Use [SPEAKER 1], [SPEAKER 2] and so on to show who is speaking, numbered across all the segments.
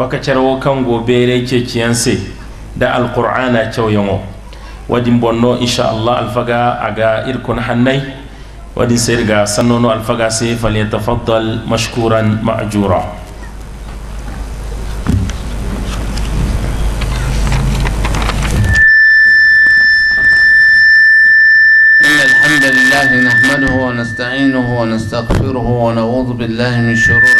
[SPEAKER 1] baka carawo kango bere ke kiyanse da alqur'ana cewyango wadin bonno insha inshallah alfaga aga irkon hannai wadin sai ga sannono alfaga sai falyatafaddal mashkuran ma'jura
[SPEAKER 2] الحمد لله نحمده ونستعينه ونستغفره ونعوذ بالله من شرور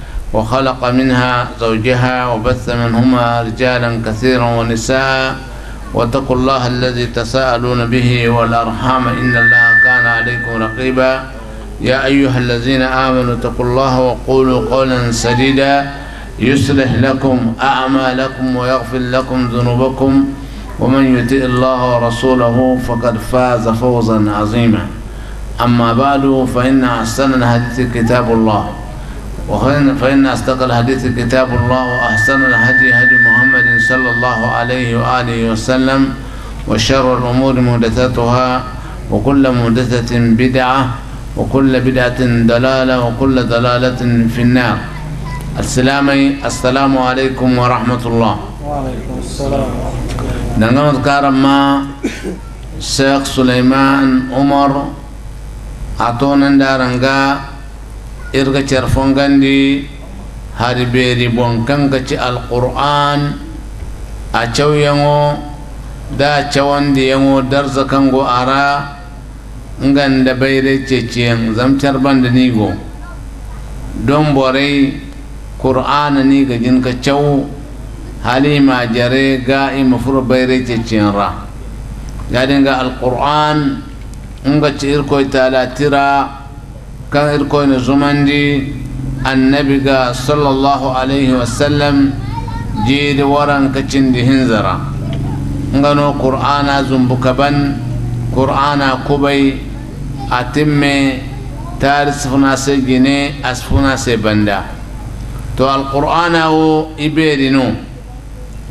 [SPEAKER 2] وخلق منها زوجها وبث منهما رجالا كثيرا ونساء واتقوا الله الذي تساءلون به والأرحام إن الله كان عليكم رقيبا يا أيها الذين آمنوا اتقوا الله وقولوا قولا سديدا يصلح لكم أعمالكم ويغفر لكم ذنوبكم ومن يطع الله ورسوله فقد فاز فوزا عظيما أما بعد فإن أحسن الحديث كتاب الله وخير فإن أصدق الحديث كتاب الله وأحسن الهدي هدي محمد صلى الله عليه وآله وسلم وشر الأمور محدثاتها وكل محدثة بدعة وكل بدعة دلالة وكل دلالة في النار السلام السلام عليكم ورحمة الله وعليكم السلام ورحمة الله نعم، ما الشيخ سليمان عمر أعطونا دارنجا irga carfongandi hari beeri bonkanga ci alquran a cawyango da cawandiyango darza kango ara nganda bayre ceciyen zam carbanda nigo don borai qur'an ni ga jinka caw halima jare ga ima bayre ceciyen ra gadinga alquran nga ci irkoy tala tira كان يقول الزمندي النبي صلى الله عليه وسلم جيد وران كتشن دي هنزرا نغنو قرآن زنبكبن قرآن كبي أتم تارسفنا جيني أسفنا بندا تو القرآن هو إبيرنو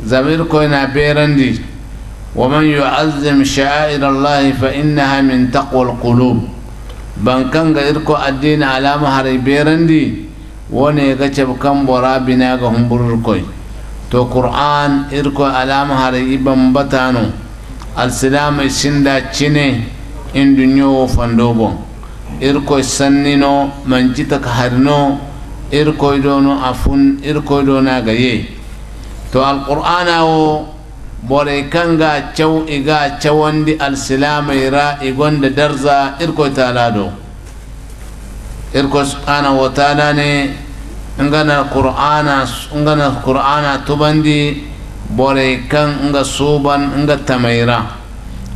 [SPEAKER 2] زمير كوينا بيرندي ومن يعظم شعائر الله فإنها من تقوى القلوب Ban ga irko addini alama hari berandi woni ga bina ga humburur koi to qur'an irko alama batano i bambatano alsilama isinda cine induñowo fandobo irko sannino mancitaka harino irko dono afun irkoy ga ye to alqur'ana wo bore ga cewa iga ira igon da darza irko taala do irko subhanahu wa taala ne ngana qur'ana ngana qur'ana tubandi bore kan nga suban nga tamaira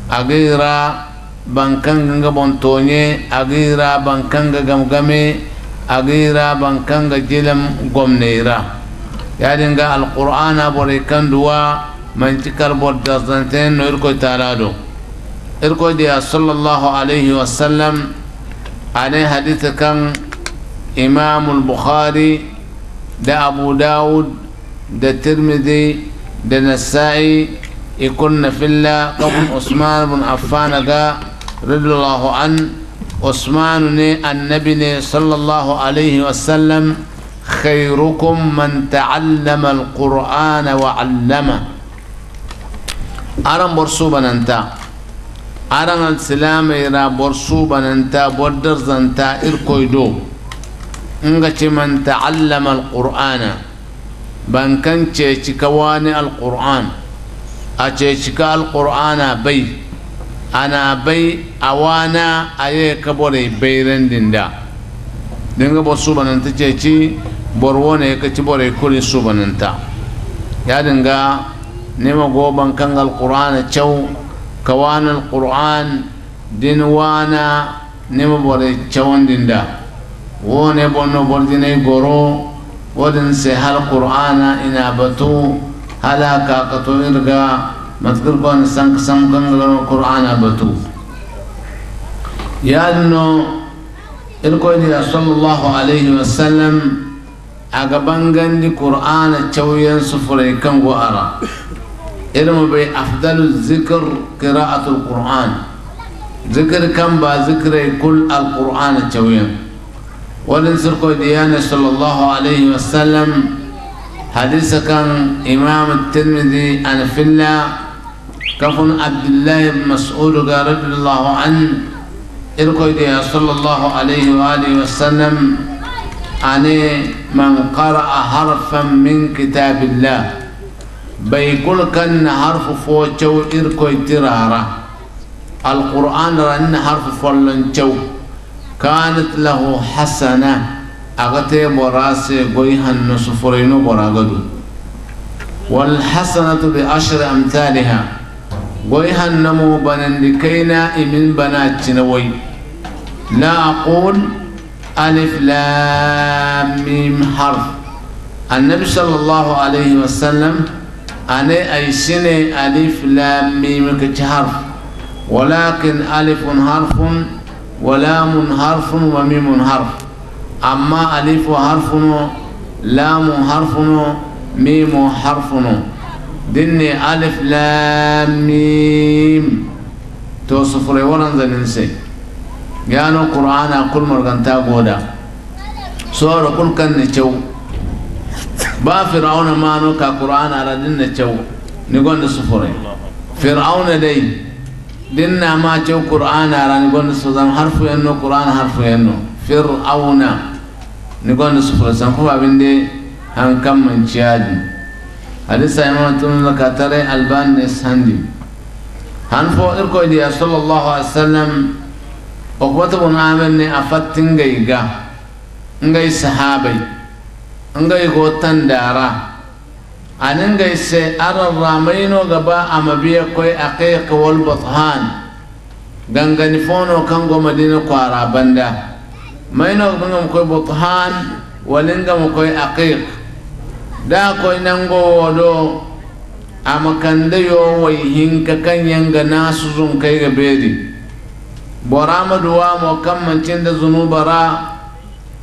[SPEAKER 2] agira bankan nga bontonye agira ga gamgame agira ga jilam gomneira yadinga alqur'ana bore kan duwa منتكر بول جزنتين تارادو تالادو إركو دي صلى الله عليه وسلم عليه حديث كان إمام البخاري دا أبو داود دا ترمذي دا نسائي يكون في الله قبل عثمان بن عفان رضي الله عنه عثمان النبي صلى الله عليه وسلم خيركم من تعلم القرآن وعلمه aran borsu bananta aran alsilamayra borsu bananta boddarzanta irkoydo nga ban kan alqur'ana bankan ceecika al-qur'an a al alqur'ana bay ana bay awana ayee ka boray bayrandinda dinga bor subananta ceeci bor wone ka ci boray kuli subananta yadinga نما قوبان كان القرآن تشو كوان القرآن دين وانا نما بوري تشون دين دا وون دين اي قرو ودن سهل القرآن إنا بتو هلا كاكتو إرقا مذكر كون سنك سنك القرآن بتو يالنو إلقوا إلى صلى الله عليه وسلم أقبان قرآن تشوين سفري كم وأرى إلما بي أفضل الذكر قراءة القرآن ذكر كم با ذكر كل القرآن التويم ولنسر ديانة صلى الله عليه وسلم حديث كان إمام الترمذي عن الله كفن عبد الله بن مسعود رضي الله عنه إلقيدي صلى الله عليه وآله وسلم عن من قرأ حرفا من كتاب الله بيقول كان حرف تشو إركو ترارة القرآن رن حرف فلن تشو كانت له حسنة أغتي براسي قويها النصفرين براغدو والحسنة بأشر أمثالها قويها النمو بنندكينا من بنات نوي لا أقول ألف لام ميم حرف النبي صلى الله عليه وسلم أنا أي سنة ألف لام ميم كتحرف ولكن ألف حرف ولام حرف وميم حرف أما ألف حرف لام حرف ميم حرف دني ألف لام ميم توصف لي ورن ذننسي قالوا قرآن أقول مرغن تاقودا سورة كل كان نتشو ba fir'auna ma no ka qur'ana ra dinna cew ni gonda sufure fir'auna dai dinna ma cew qur'ana ra ni gonda suzan harfu yanno qur'ana harfu yanno fir'auna ni gonda sufure san ko abinde han kam man ciyaji hadisa imam tun la katare alban ne sandi han fo ir ko dia sallallahu alaihi wasallam uqbatu bin amir ne afattin gaiga ngai sahabai ngai gotan dara anin ngai se aran ramaino gaba amabiya koi aqiq wal bathan Gangani fono kango madina kwara banda maino ngam koi bathan walinga mo koi aqiq da koi nango wodo amakanda yo wai hinka yanga nasu zun kai ga beri bora maduwa mo kan mancin da zunubara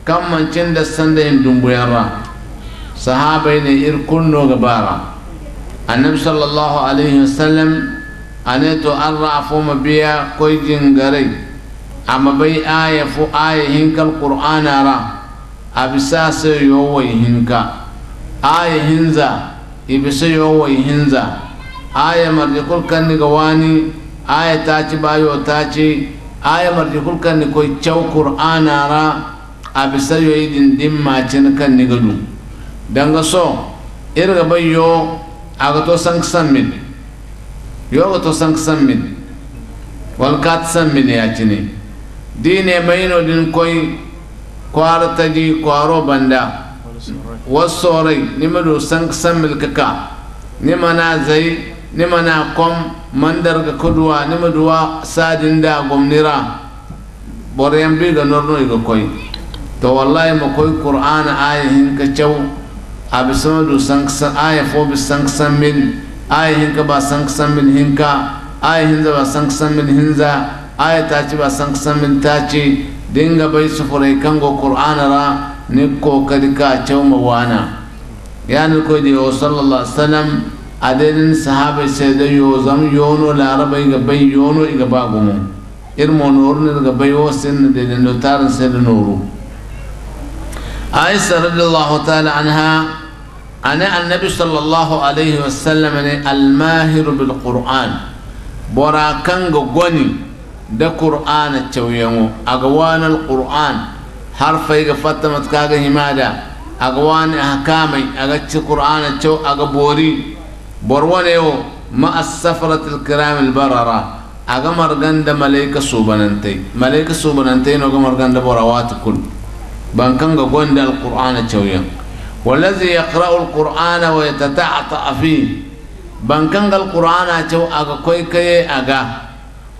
[SPEAKER 2] kam mancin da sanda yin dumbuyarra sahabai ne ir kunno gabara annabi sallallahu alaihi wasallam ane to an rafo ma biya jin garai. amma bai aya fu aya hinkal qur'ana ra abisa sai yo wai hinka aya hinza ibisa yo wai hinza aya marjikul kan ni gawani aya ta ci bayo ta ci aya marjikul kan ni koi chau qur'ana ra abisa yoyi din din macin kan ni gadu ga so irga bayyo aga to min yo yoga to sank min wal kat min ya cini dine nodin din koy kwar ji kwaro banda wasorai nima do san mil kaka nima na zai nima na kom mandar ga kuduwa nima duwa sadin da gomnira yan bi ga norno ga koi تو والله ما كوي قرآن آية هنك جو أبي سمدو سنكس آية فوب سنكس من آية هنك با سنكس من هنك آية هنزا با سنكس من هنزا آية تاچي با سنكس من تاچي دينغا باي سفر ايكنغو قرآن را نكو كدكا جو موانا يعني كوي دي وصل الله سلام أدين صحابة سيدة يوزم يونو لعرب ايغا باي يونو ايغا باقومو إرمو نورن ايغا باي وصن دي نتارن سيد نورو عائشة رضي الله تعالى عنها أنا النبي صلى الله عليه وسلم الماهر بالقرآن براكان غوني دا قرآن تشويمو أغوان القرآن حرف يغ فتمة همادا أغوان أحكامي أغتش قرآن تشو أغبوري برونيو مع السفرة الكرام البررة أغمر غند ملائكة سوبننتي ملائكة سوبننتي نغمر غند براوات ban kan ga gwanda alkur'ana cauyan walazi ya kira'u alkur'ana wa ya tata a ta'afi ban kan ga alkur'ana cau a ga kai kai a ga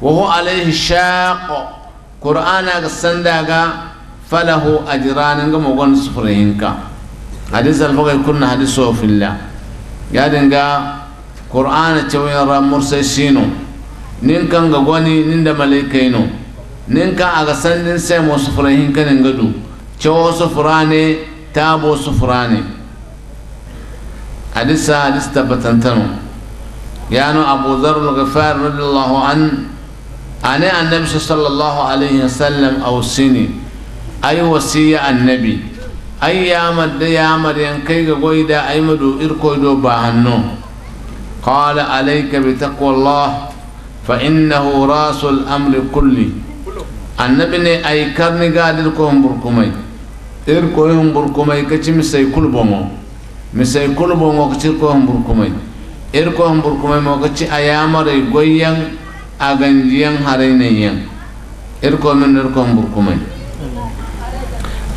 [SPEAKER 2] alaihi shaƙo kur'ana ga sanda ga falahu a jiranin ga magwani sufurin ka hadis alfaƙai kunna hadis wa filla ya dinga kur'ana cauyan ramur sai shino nin kan ga gwani nin da malaikai no nin ka ga sandin sai masu furahin kanin gado cewa sufurane tabo sufurane hadisa hadis tabbatantano yano abu dharr ghifar radiyallahu an ane annabi sallallahu alaihi wasallam ausini ay wasiya annabi ay yamar da yamar yankai ga goida ay madu irko do ba hanno قال عليك بتقوى الله فإنه رأس الأمر كله النبي أي كرني قادر كهم بركمي تير كويهم بركومي كتشي مساي كل بومو مساي كل بومو كتشي كويهم بركومي إير كويهم بركومي مو كتشي أياما ري قويان أغنجيان حرينيان إير كويهم إير كويهم بركومي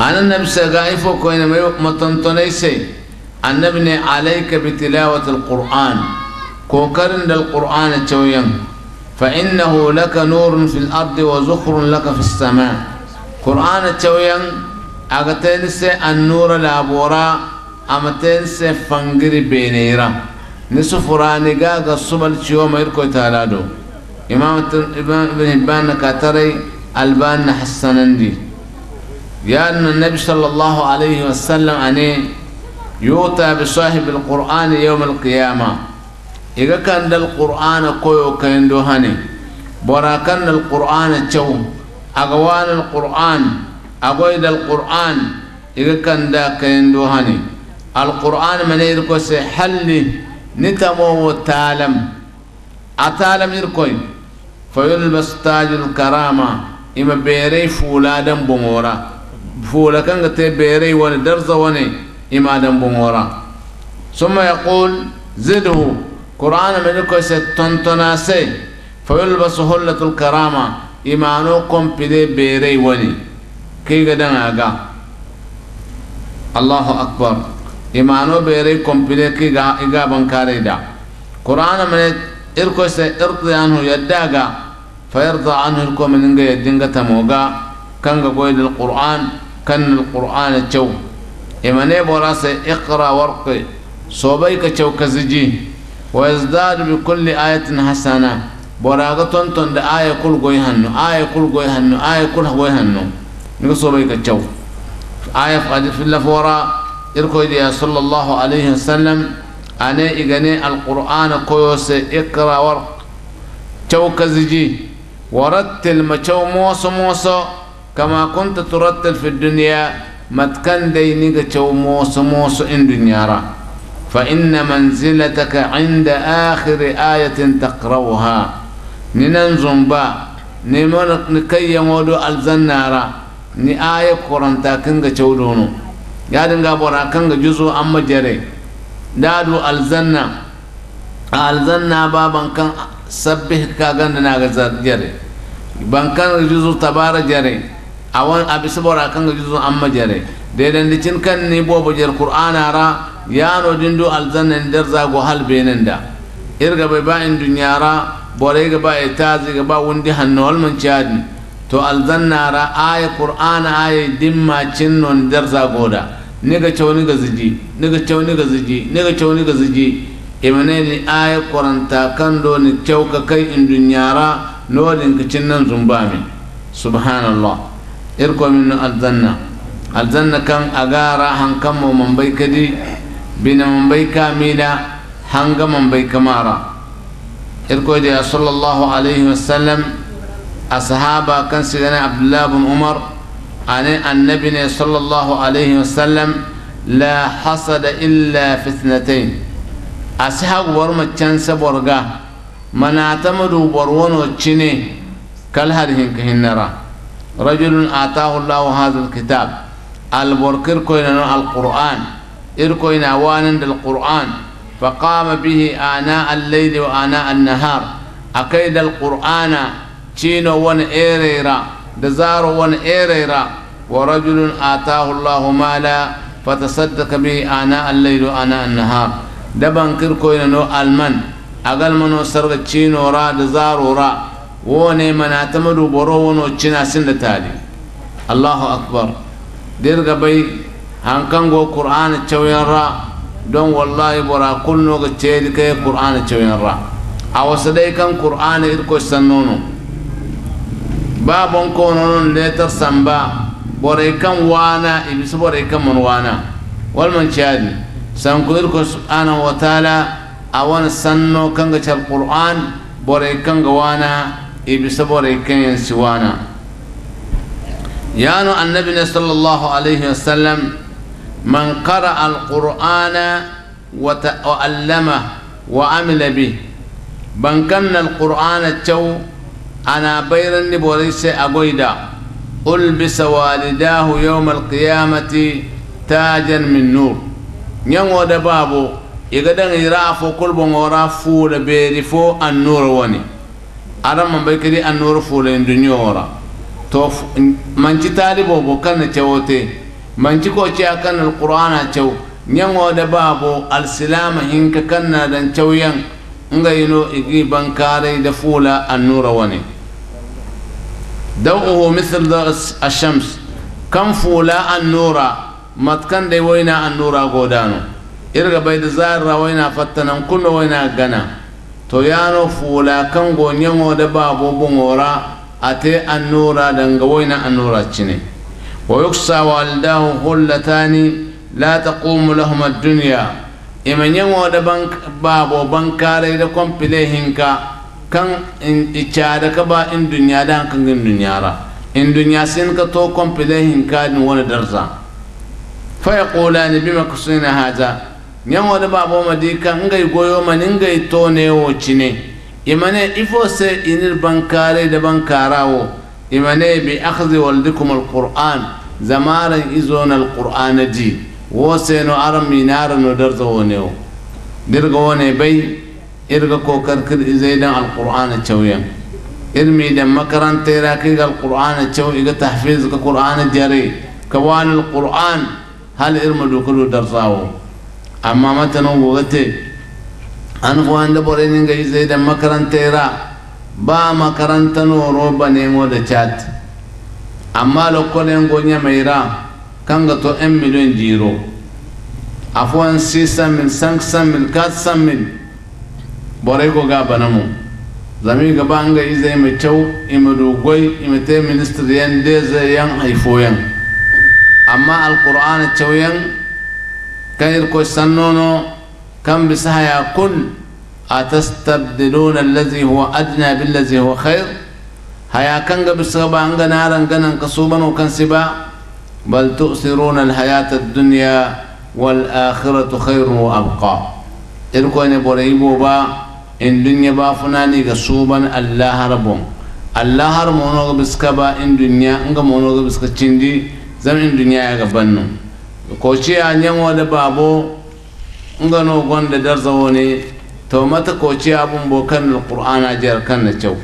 [SPEAKER 2] أنا نبي سغايفو كوين مطنطني سي أنا بني عليك بتلاوة القرآن كوكرن للقرآن تويان فإنه لك نور في الأرض وزخر لك في السماء قرآن تويان سي النور لابورا سي فنجري بينيرا نسو نسفراني قاقا الصبل شيوما يركو تالادو إمام ابن هبان كاتري البان حسنندي يا أن النبي صلى الله عليه وسلم أني يوتى بصاحب القرآن يوم القيامة إذا كان القرآن قوي كيندو هني برا كان القرآن تشو أغوان القرآن أقول القرآن إذا كان ذاك يندوهني القرآن من يركوس حل نتمو وتعلم أتعلم يركوين فيلبس تاج الكرامة إما بيري فولا بمورا فولا كان بيري وني درز وني إما دم بمورا ثم يقول زده قرآن من يركوس تنتناسي فيلبس هلة الكرامة إما نوكم بدي بيري وني kiga danga Allahu akbar imano bere kompile kiga iga bankare da qur'ana mane irko se irqi anhu yaddaga fayarda anhu irko meninga yaddinga tamoga kanga goyde alquran kan alquran chaw imane bora se iqra warqi sobay ka chaw kaziji ويزداد بكل آية حسنة براغة تنتن آية كل قوي هنو آية كل قوي هنو آية كل قوي هنو نقصوا بيك الجو آية قادر في اللفورة إركو يا صلى الله عليه وسلم أنا إغني القرآن كويس إقرأ ورق جو كزجي ورتل ما جو موسو موسو كما كنت ترتل في الدنيا متكن دينك جو موسو موسو إن دنيا فإن منزلتك عند آخر آية تقرأها ننزم با نمنك نكي يمودو الزنارة ni aya koranta kan ya cawdono yadinga bora kan ga juzo amma jere dadu alzanna alzanna ba kan sabbih ga naga ban kan juzo tabara jare awan abisa bora ga juzo amma jere dedandicin kan ni bobo jer qur'ana ra ya no dindu alzanna za go hal da irga bai ba in dunyara bore ga ba ta ga ba wundi hanno holman chadni to alzannara aya qur'ana aya dimma cinnon derza goda niga cawni ga ziji niga cawni ga ziji niga cawni ga ziji imaneni aya quranta kando ni cawka kai in dunyara nodin ka cinnan zumbamin subhanallah irko min alzanna alzanna kan agara hankan mo mambai kadi bina mambai kamila hanga mambai kamara irko da sallallahu alaihi wasallam الصحابة كان سيدنا عبد الله بن عمر عن النبي صلى الله عليه وسلم لا حصد إلا في اثنتين أصحاب ورمى تشانس برقا من اعتمدوا برون وتشيني كالهرهن كهنرا رجل آتاه الله هذا الكتاب البركر كوين القرآن إركوين وانا للقرآن فقام به آناء الليل وآناء النهار أكيد القرآن cino wani erera da zaro wani erera wa rajulun atahu Allahu mala fatasaddaqa bihi ana al-layl ana an-nahar daban kirkoyna no alman agalmano sarga cino ra da zaro ra wone mana tamadu boro wono cina da tali Allahu akbar dirga bai hankango qur'ana cewyan ra don wallahi bora ga ceedi kai qur'ana cewyan ra dai kan qur'ana irko sannono babon konon letar samba bore kan wana ibisu bore kan mun wana wal man chadi san kulir ko subhanahu wa ta'ala awan sanno kan ga chal qur'an bore kan ga wana ibisu bore kan yan si wana yano annabi sallallahu alaihi wasallam man qara al qur'ana wa ta'allama wa amila bih bankanna al qur'ana chaw ana bayran ni borise agoida ulbisa walidahu yawm alqiyamati tajan min nur nyango wada babo iga dan irafo kulbo ngora fu da beri fo an nur woni adam man bekeri an nur fu le dunyora to man ci talibo bo kan cewote man ci ko ci akan alqur'ana cew nyango da babo ka kan na dan cewyan ngayino igi bankare da fula an nur woni دوءه مثل ضوء الشمس كم فولا النورا متكن دي وينا النورا غودانو إرغا بيد زار روينا فتنا كل وينا غنا تو يانو فولا كم غنيمو دبابو بمورا أتي النورا دنغ وينا النورا تشني ويقصى والداه خلتان لا تقوم لهما الدنيا إما نيمو دبابو بابو بنكاري دكم بليهنكا kan in da ka ba in dunya da kan gin ra in dunya sin ka to kompile hin ka wani darza fa yaqulani bima kusina haza nyan wani babo madika ngai goyo man ngai to ne wo cine imane ifo se inir bankare da bankarawo imane bi akhdhi waldikum alquran zamaran izon alquran ji wo se no aram minara no darza wo ne wo dirga wo bai إرقى كوكر كر إزايدا القرآن التشوية إرمي دم مكران تيراكي القرآن التشوي إذا تحفيز القرآن الجري كوان القرآن هل إرمى دوكلو درساو أما ما تنو أنا فوان دبورين إنجا إزايدا مكران تيرا با مكران تنو روبا نيمو دشات أما لو كولين غونيا ميرا كانغا تو أم مليون جيرو أفوان سيسا من سانكسا من كاتسا من borai ko ga banamu zami ga banga izai mai kyau ima dogoi ima minister yan deza yan haifo yan amma alqur'an kyau yan kan irko sannono kan bisa haya kun atastabdiluna allazi huwa adna billazi huwa khair haya kan ga bisa banga naran ganan kaso bano kan siba بل تؤثرون الحياة الدنيا والآخرة خير وأبقى إلكو أن بوريبو با in dunya ba ne ga suban allah harbon allah har mono ga biska ba in dunya in ga mono ga biska cindi zan in dunya ya ga bannu ko ce a nyanwa da babo in ga no gonda darza wani to mata ko ce abun bo kan alqur'ana jar kan na cew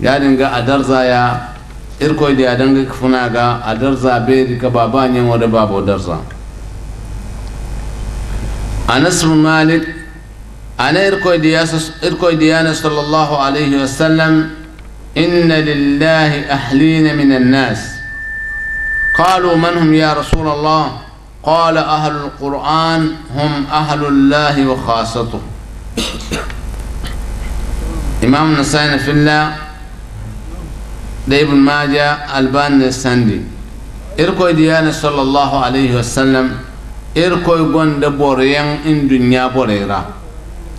[SPEAKER 2] ya dinga a darza ya irko da ya danga funa ga a darza bai ka baba nyanwa da babo za anas malik أنا إركوي دياس ديانا صلى الله عليه وسلم إن لله أهلين من الناس قالوا من هم يا رسول الله قال أهل القرآن هم أهل الله وخاصته إمام نسائنا في الله ديب ماجة البان السندي إركوي ديانا صلى الله عليه وسلم إركوي يقول دبوريان إن دنيا بوريرا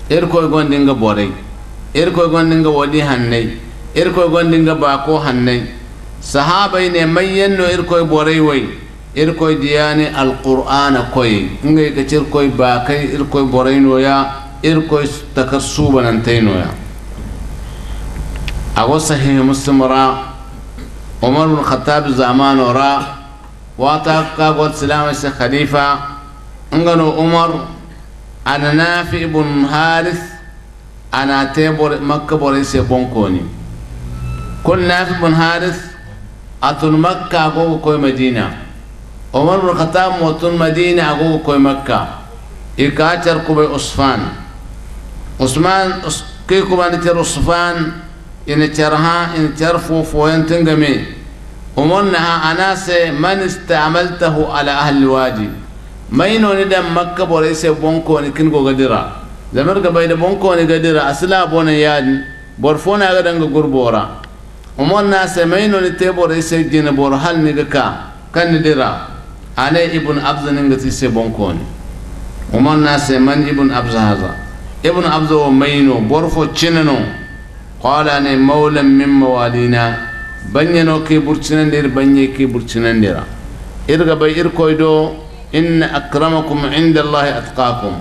[SPEAKER 2] irkoy gondinga boray irkoy gondinga wodi hannay irkoy gondinga bako hannay sahabay ne mayyenno irkoy boray way irkoy diyani alqur'ana koy ngay ka cirkoy bakay irkoy boraynoya irkoy no ya ago sahih muslim ra umar bn khattab zaman ra ta ka god silama se khalifa ngano umar أنا نافع بن هارث أنا تبر مكة بوريس بونكوني كل نافع بن هارث أتون مكة أقوه كوي مدينة ومن بن الخطاب موتون مدينة أقوه كوي مكة إكاتر كوي أصفان أصفان كيكو كوبا نتر أصفان إن ترها إن ترفو فوين تنجمي ومنها نها أنا سي من استعملته على أهل الواجب ni dan makka bore se ni kin go gadira zamar ga bayda ni gadira asla bonan yadin bor fona ga danga gurbora umon na se ni te bore se jina bor hal ni ga ka kan ni dira ane ibn abza ga ti se ni umon na se man ibn abza haza ibn abza wa mayno bor fo cinano qala ne mawlan min mawalina banyano ke burcinan dir banye ke burcinan dira irga bay irkoy do إن أكرمكم عند الله أتقاكم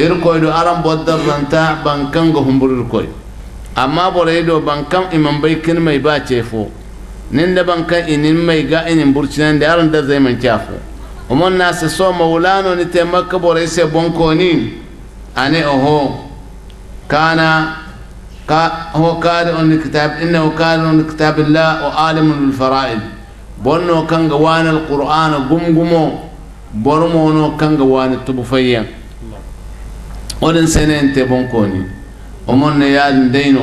[SPEAKER 2] إركوي دو أرم بودر رنتا بانكان غهم بريركوي أما بريدو بانكان إمام بيكين ما يباتي فو نند بانكان إنين مي يقا إنين برشنان دي أرن دزي من شافو ومن ناس سو مولانو نتي نتمك بريسي بونكونين أني أهو كان كا هو قارئ الكتاب إنه قارئ لكتاب الله وعالم الفرائد بونو كان غوان القرآن قم قمو borom ono kanga wani tubu fayya odin senen te bonkoni omon ne yadin daino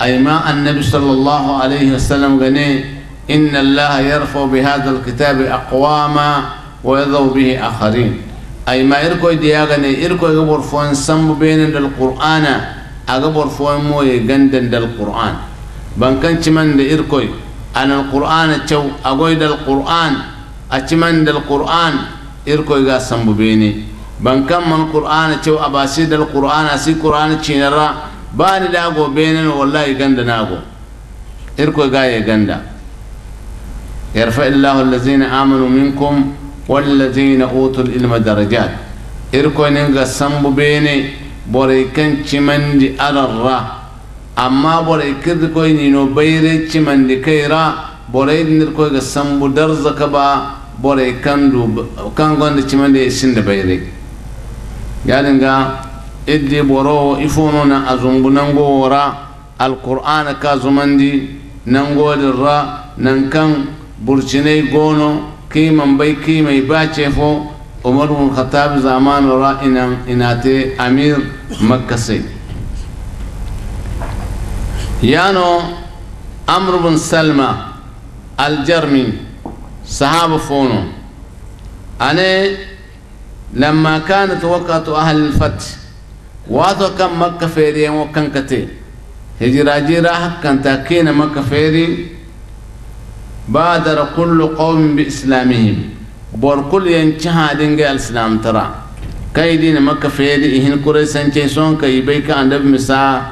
[SPEAKER 2] ayma annabi sallallahu alaihi wasallam gane inna allaha yarfa bi hadha alkitab aqwama wa yadhaw bihi akharin ayma irko diyagane irko gabor fon sambu benen dal qur'ana agabor fon moye gandan dal qur'an bankan ciman da irko an alqur'ana chaw agoy dal qur'an aciman dal qur'an irko ga sambu bene kan man qur'ana cew abasi dal qur'ana si qur'ana cinara da dago benen wallahi ganda nago irko ga ya ganda yarfa illahu allazina amanu minkum wallazina utul ilma darajat irko nin ga sambu bene bore kan cimandi ararra amma boray kirkoy nino bayre cimandi kayra boray nirkoy ga sambu darzaka ba bore kandu kangonde cimande sinde bayre galinga edde boro ifono na azungu nango wora alqur'ana ka zumandi nangodin ra nan kan burcinai gono kiman bai kimai bace fo umar bin khattab zaman ra inan inate amir makkasai yano amr bin salma الجرمي صحابة فونو أنا لما كانت وقت أهل الفتح واتو كان مكة فيري وكان كتير هجرة جيرة كان تاكين مكة فيري بادر كل قوم بإسلامهم بور كل ينشها دينجا الإسلام ترى كاي دين مكة فيري إهن كوريسان جيسون كاي بيكا أندب مساء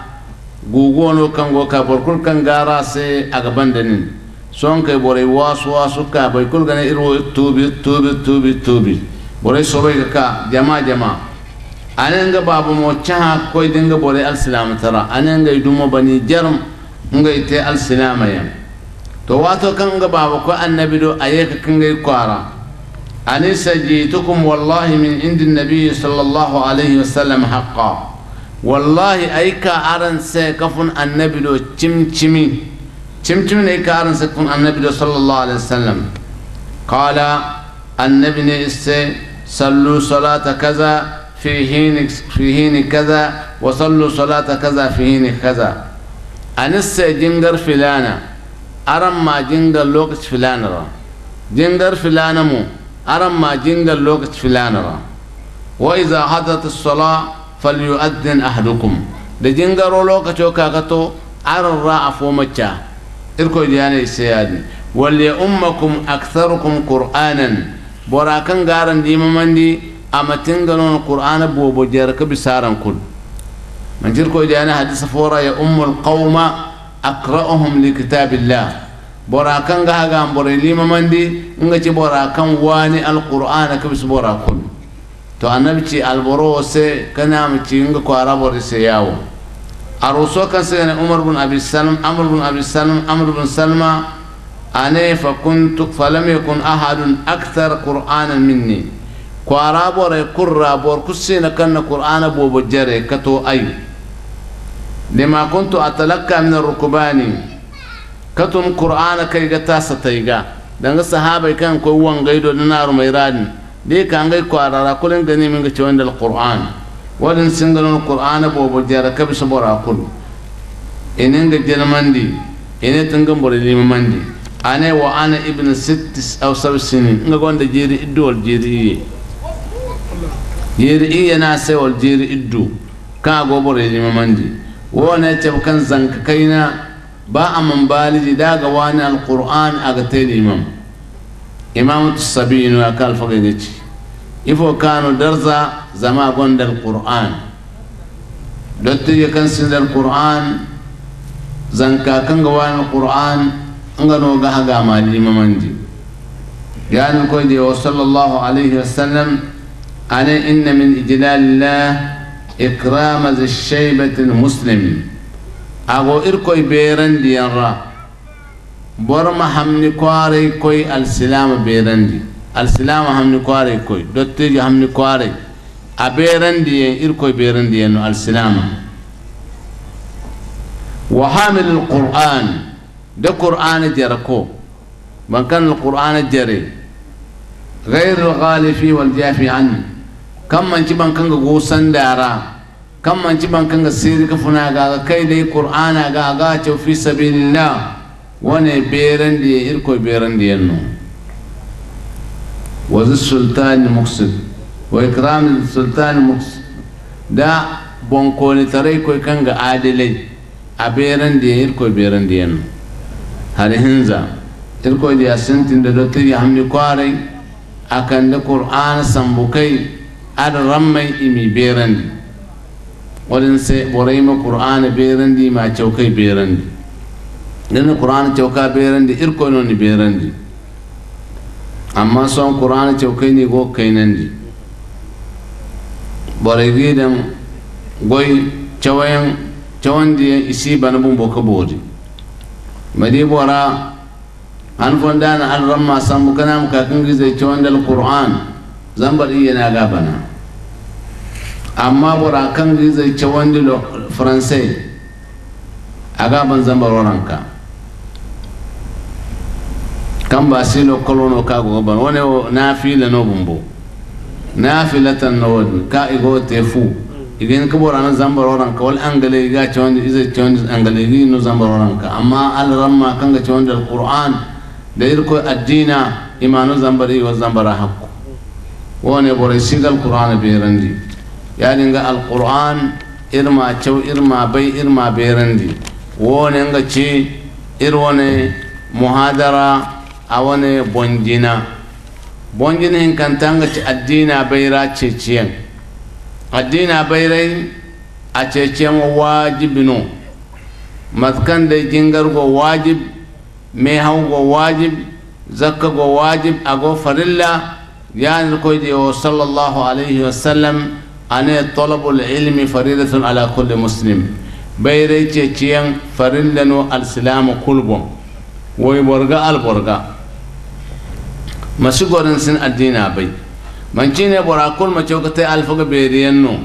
[SPEAKER 2] غوغونو كان غوكا بور كل كان غاراسي أغبان دنين سونك بوري واس واسو كا بوري كل غني إرو توبي توبي توبي توبي بوري سوبي كا جما جما أنا إنك بابو مو تشا كوي دينك بوري السلام ترى أنا إنك يدومو بني جرم إنك يتي السلام يا تواتو كان إنك بابو كو النبي دو أيك كان إنك كوارا أنا سجيتكم والله من عند النبي صلى الله عليه وسلم حقا والله أيك أرن سيكفن النبي دو تشم تشمي چمچمن ايكارن ستون النبي صلى الله عليه وسلم قال النبي نيس صلوا صلاة كذا في حين في حين كذا وصلوا صلاة كذا في حين كذا أنس جنجر فلانا أرم ما جنجر لوكت فلانا را جنجر فلانا مو أرم ما جنجر لوكت فلانا وإذا حضرت الصلاة فليؤذن أحدكم لجنجر لوكت وكاكتو أرى الرأف ومتشاه irko diyane seyadi walli ummakum aktharukum qur'anan bora kan garan di mamandi amatin ganon qur'ana bobo jar ka bisaran kun man jirko diyane hadisa fora ya ummul qauma aqra'uhum li kitabillah bora kan ga ga bora li mamandi nga ci bora kan wani alqur'ana ka bis bora kun to annabi ci alboro se kana mu ci nga ko arabo se yawo aruso kan segane umar bun abi salam amr bun abi salam amr bun salma ane fakuntu falam yakun ahadun akthar qur'anan minni ko arabore kurra bor kusina kan qur'ana bo bojare kato ayu lima kuntu atalakka min ar-rukbani katum qur'ana kai gata sataiga danga sahabai kan ko wangaido na naru mai radin dai kan ga ko arara kullun gani min ga cewa da al-qur'an wadin singalon qur'ana bobo jara kabisa bora kulu inin ga jelmandi inin tungan bora mandi ane wa ana ibn sittis aw sab sini nga gonda jiri iddu wal jiri iye jiri iye na sai wal jiri iddu ka go bora limandi wona tabkan zanka kaina ba a man baliji daga wani al-qur'an aga tayi imam imamatu sabinu akal faga gici ifo kanu darza zama gonda alquran dotto ye kan sinda alquran zanka kanga wani alquran ngano ga haga mali mamandi yani ko je wa sallallahu alaihi wasallam ana inna min ijlalillah ikrama zi shaybati almuslim ago irkoy berandi yanra bor mahamni kwarai koy alsilama berandi alsilama hamni kware koy dottirjo hamni kware a ɓerandi en irkoye ɓerandi en no alsilama wa hamil alquran de qur'ana jara ko bankan alqur'ana jare gayre alghalifi waljafi an kam manci bankanga go sandara kam manci bankanga siri ka funagaga kay dey qur'ana ga aga cew fi sabilillah wone ɓerandi e irkoye ɓerandi en no وذي السلطان المقصد وإكرام السلطان المقصد دا بونكوني تري كوي كان عادلي أبيرن دي إلكو بيرن دي أنو هاري هنزا إلكو دي أسنتين دلوتي يحمي كواري أكن دا قرآن سمبوكي أد رمي إمي بيرن دي ولن سي wadin sai borai ma qur'ana berandi ma chaukai berandi dan qur'ana chauka berandi نوني بيرن دي amma son qur'ana chaukai ne go kainandi goyi gidan cewan da ya isi banabun boka bodi madi bora an fondana an ramma sambu kana mu kakin gize chawandal qur'an zambar ya na gabana amma bora kan gize chawandi lo faransai a gaban zambar ranka kamba silo kolono ka go ban wone nafila no bumbo nafila tan no ka igo tefu igen ko boran zambar oran ka wal angale ga chon ize chon angale ni no zambar oran ka amma al ramma kanga chon dal qur'an da irko addina imanu zambari wa zambara hakku wone bore singal qur'an be randi yani ga al qur'an irma chau irma bai irma be randi wone nga ce irwane muhadara awane bonjina bonjina in kan tanga ci addina bayra ceciyen addina bayrai a ceciyen wajibinu matkan da jingar go wajib me hau go wajib zakka go wajib ago farilla ni ko je o sallallahu alaihi wasallam ane talabul ilmi faridatun ala kulli muslim bayrai ceciyen farilla no al-islam kulbo woy borga al borga masu gorin sun addina bai manci ne bora kul mace ka ta alfa ga beriyan no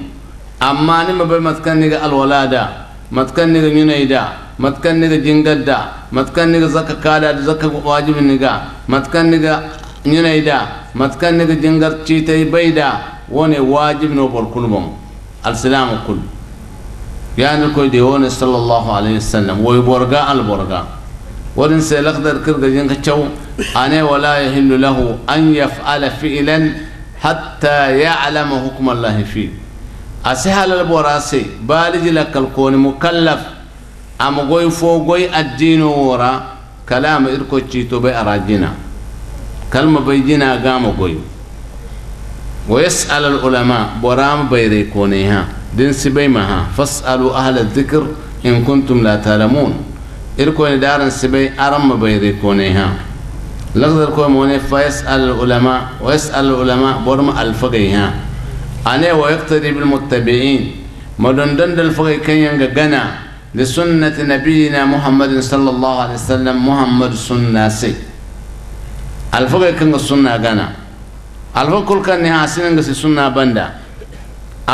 [SPEAKER 2] amma ni mabai matkan ni ga alwalada matkan ni ga yunaida matkan ni ga jingadda matkan ni ga zakka kada da zakka wajibin ni ga matkan ni ga yunaida matkan ni ga jingar bai da wani wajib no bor kulbam al kul yani ko de wani sallallahu alaihi wasallam wai borga al borga ولن سيلقدر كرد ينكتشو أنا ولا يهل له أن يفعل فعلا حتى يعلم حكم الله فيه أسهل البوراسي بالج لك الكون مكلف أم غوي فوقوي الدين ورا كلام إركو تشيتو بأراجنا كلمة بيجنا قام غوي ويسأل العلماء برام بيريكونيها دين سبيمها فاسألوا أهل الذكر إن كنتم لا تعلمون إركو دارن سبي أرم بيدي كوني ها لغدر كو موني فيسأل العلماء ويسأل العلماء برم الفقه ها أنا ويقتدي بالمتبعين مدندن الفقه كان ينغغنا لسنة نبينا محمد صلى الله عليه وسلم محمد سنة سي الفقه كان سنة غنا الفقه كل كان نهاسين سنة بندا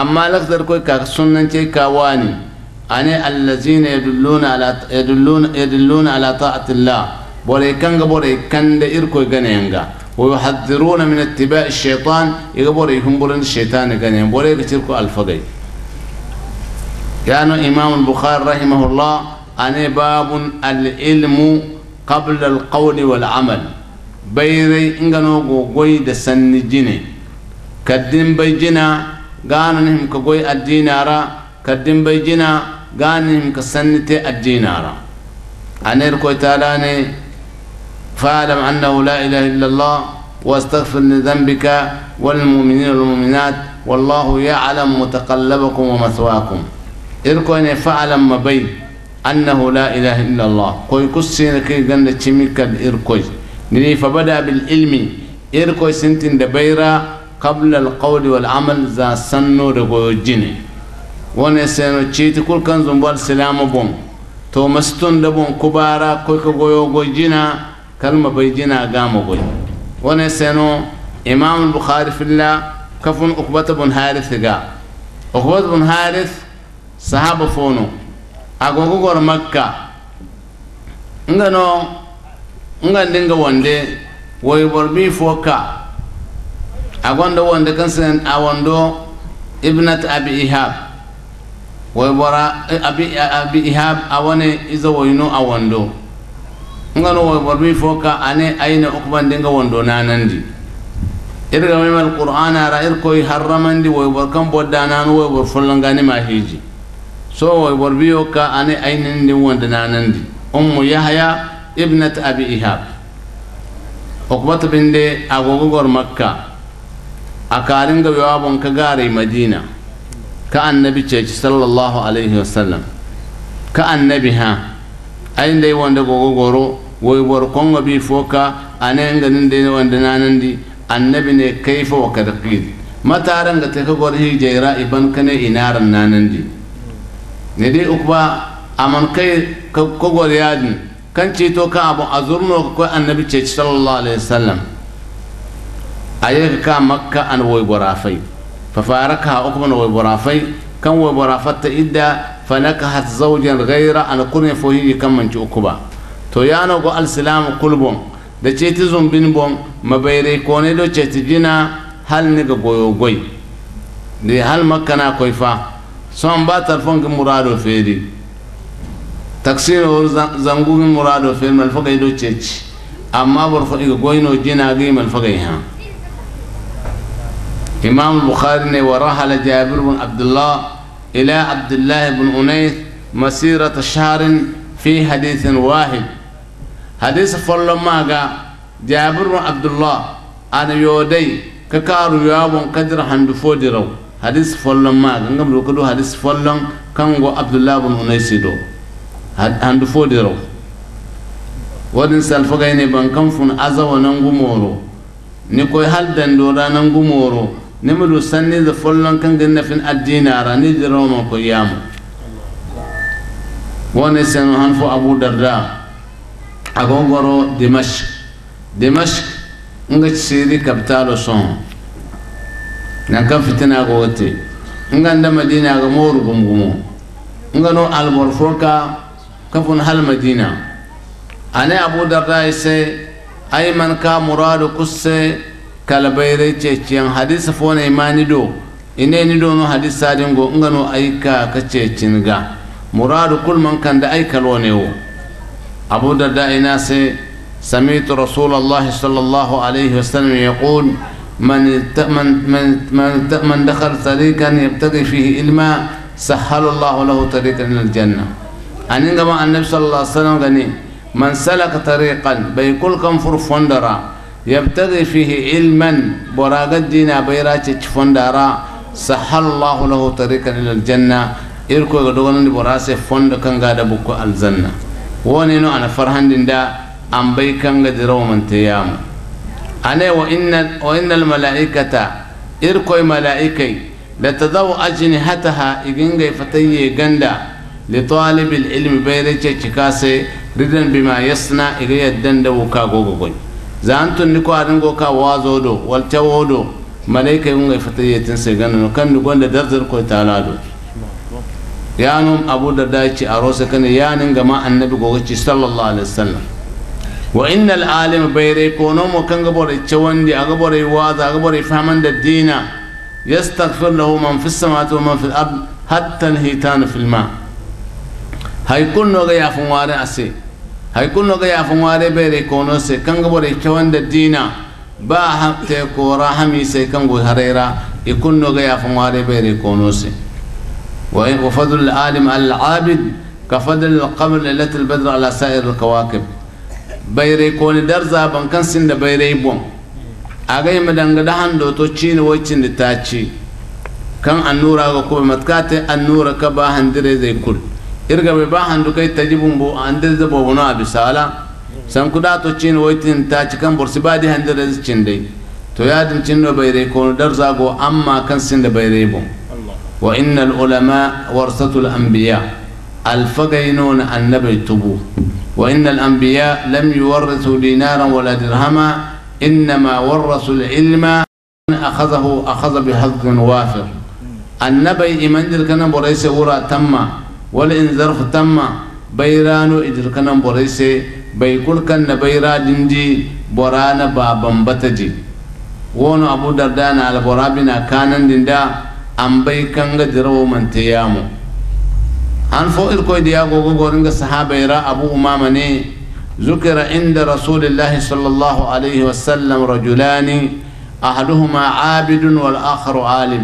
[SPEAKER 2] أما لغدر كو كا سنة كواني أنا الذين يدلون على يدلون يدلون على طاعة الله بوري كان بوري كان إركو جنينجا ويحذرون من اتباع الشيطان يقبوري هم بورن الشيطان جنين بوري كتيركو الفقي كانوا إمام البخاري رحمه الله أنا باب العلم قبل القول والعمل بيري إنغانو غوغوي دسن جيني كدين بيجنا غاننهم كغوي الدينارا كدين بيجنا Ganin ka sannite ajjinara aner koy talane fa'lam annahu la ilaha illa allah واستغفر لذنبك والمؤمنين والمؤمنات والله يعلم متقلبكم ومثواكم إركون فعلم ما بين أنه لا إله إلا الله كوي كسين كي بالعلم سنتين دبيرا قبل القول والعمل ذا سنو رغو wone seno citi kul kan zumbal silama bom to mastun da bom kubara ko ko goyo go jina kalma bai jina ga mu goy wone seno imam bukhari filla kafun ukbata bun harith ga uqbata bun harith sahaba fono agogo gor makka ngano dinga wande woy borbi foka agonda wande kan sen awondo ibnat abi ihab waybora eh, abi eh, abi ihab awane izo woyno awondo ngano woybor bi foka ane ayne ukban dinga wondo nanandi irga mema alquran ra irkoy harramandi woybor kam boddanan woybor ni ma hiji so woybor bi yoka na ayne ndi wondo naanandi ummu yahya ibnat abi ihab ukbat binde agogo gor makka akaringa yawabon kagare madina ka annabi ce ci sallallahu alaihi wasallam ka annabi ha ayin dai wanda gogo goro wai war kongo bi foka a anen ganin dai wanda nanan di annabi ne kaifa wa kadqid mataran da ta kagwar hijaira iban ka ne inaran nanan di ne dai uku ba a man kai kagwar yadin kan ceto ka abu a zurno ka kai annabi ce ci sallallahu alaihi wasallam a yi ka makka an wai gwarafai ففارقها أقبا وبرافي كم وبرافت إدى فنكحت زوجا غير أن كن فيه كم من أقبا تو يانو قو السلام قلبهم da ceti zumbin bom mabairai kone do ceti jina hal niga goyo goy de hal makkana koy fa son ba tarfon ga murado feri taksir or zangu ga murado feri do ceci amma bor fa iga goyno jina ga mal fa ha امام البخاري نے ورحل جابر بن عبد الله الى عبد الله بن انيس مسيره شهر في حديث واحد حديث فلما جابر بن عبد الله انا يودي ككارو يابون قدر حمد فودرو حديث فلما غنم لو حديث فلن كانغو عبد الله بن انيس دو حمد فودرو wadin salfagai ne ban kan fun azawa nan gumoro ni koy نملو سنة ذا فلان كان قلنا فين الدينار نيجي روما قيامه ونسن هنفو أبو درداء أغنغرو دمشق دمشق نغت سيري كابتالو سون نكن فتنا غوتي نغن دا مدينة غمور غمغمو نغنو البرفوكا كفن هل مدينة أنا أبو درداء سي أي من كا مراد قصي kala bayre cecen hadisa fona imani do ine ni do no hadisa dingo ngano aika ka cecin ga muradu kulman kan da aika lone wo abu darda ina sai samitu rasulullah sallallahu alaihi wasallam yaqul من من من من دخل طريقا يبتغي فيه علما سهل الله له طريقا الى الجنه ان عندما النبي صلى الله عليه وسلم غني من سلك طريقا بيكل كم فرفندرا يبتغي فيه علما براد براغد دينا بيراتي تفندارا سهل الله له طريقا الى الجنه إلكو غدوغن براسي فند كان غادا بوكو الجنه وني نو انا فرحان دا ام بي كان غدرو من تيام انا وان وان الملائكه إلكو ملائكي لتضو اجنحتها اجنغي فتي غندا لطالب العلم بيرتي تشكاسي رضا بما يصنع إلي الدند وكاغوغوغوي zantun ni ko adin go ka wazo do wal do malaika yun ngai fata yetin sai ganan kan ni gonda darzar ko taala do nun abu da dace a rosa kan ga ma annabi go ci sallallahu alaihi wasallam wa innal alim bayre ko no mo kan ga bore cewandi a gabo da waza aga bore da faman da dina yastaghfir lahu man fis samawati wa man fil ard hatta hitan fil ma hay kunno ga yafun ware ase hay kunno ga yafun wa de bere kono se kanga bore kewan da dina ba ha te ko rahami se kanga harera e kunno ga yafun wa de bere kono se wa in fadl alim al abid ka fadl al qamar lati al badr ala sa'ir al kawakib bayre koni darza ban kan sin da bayre bon aga yi madanga da hando to cini wacin da ta ci kan annura ga kuma matkata annura ka ba handire zai kuri إرجع بباهن دكاي تجيبون بو عندز دبو بنا بسالة سانكودا توچين ويتين تاچكم برسبادي هندرز چندي تو يادم چنو بيري كون درزا درزاغو أما كان سند بيري بو وإن العلماء ورثة الأنبياء الفقينون النبي تبو وإن الأنبياء لم يورثوا دينارا ولا درهما إنما ورثوا العلم أخذه أخذ بحظ وافر النبي إيمان كان بريس ورا تمّا wal in zarfu tamma idirkanan ijirkanan sai bai kulkan na ji bora na baban bataji Wani abu darda na alborabina kanan dinda an bai kanga jirawo mante yamu an fo irkoy da ga goringa sahabayra abu umama ne zukira inda rasulillahi sallallahu alaihi wasallam rajulani ahaduhuma abidun wal akharu alim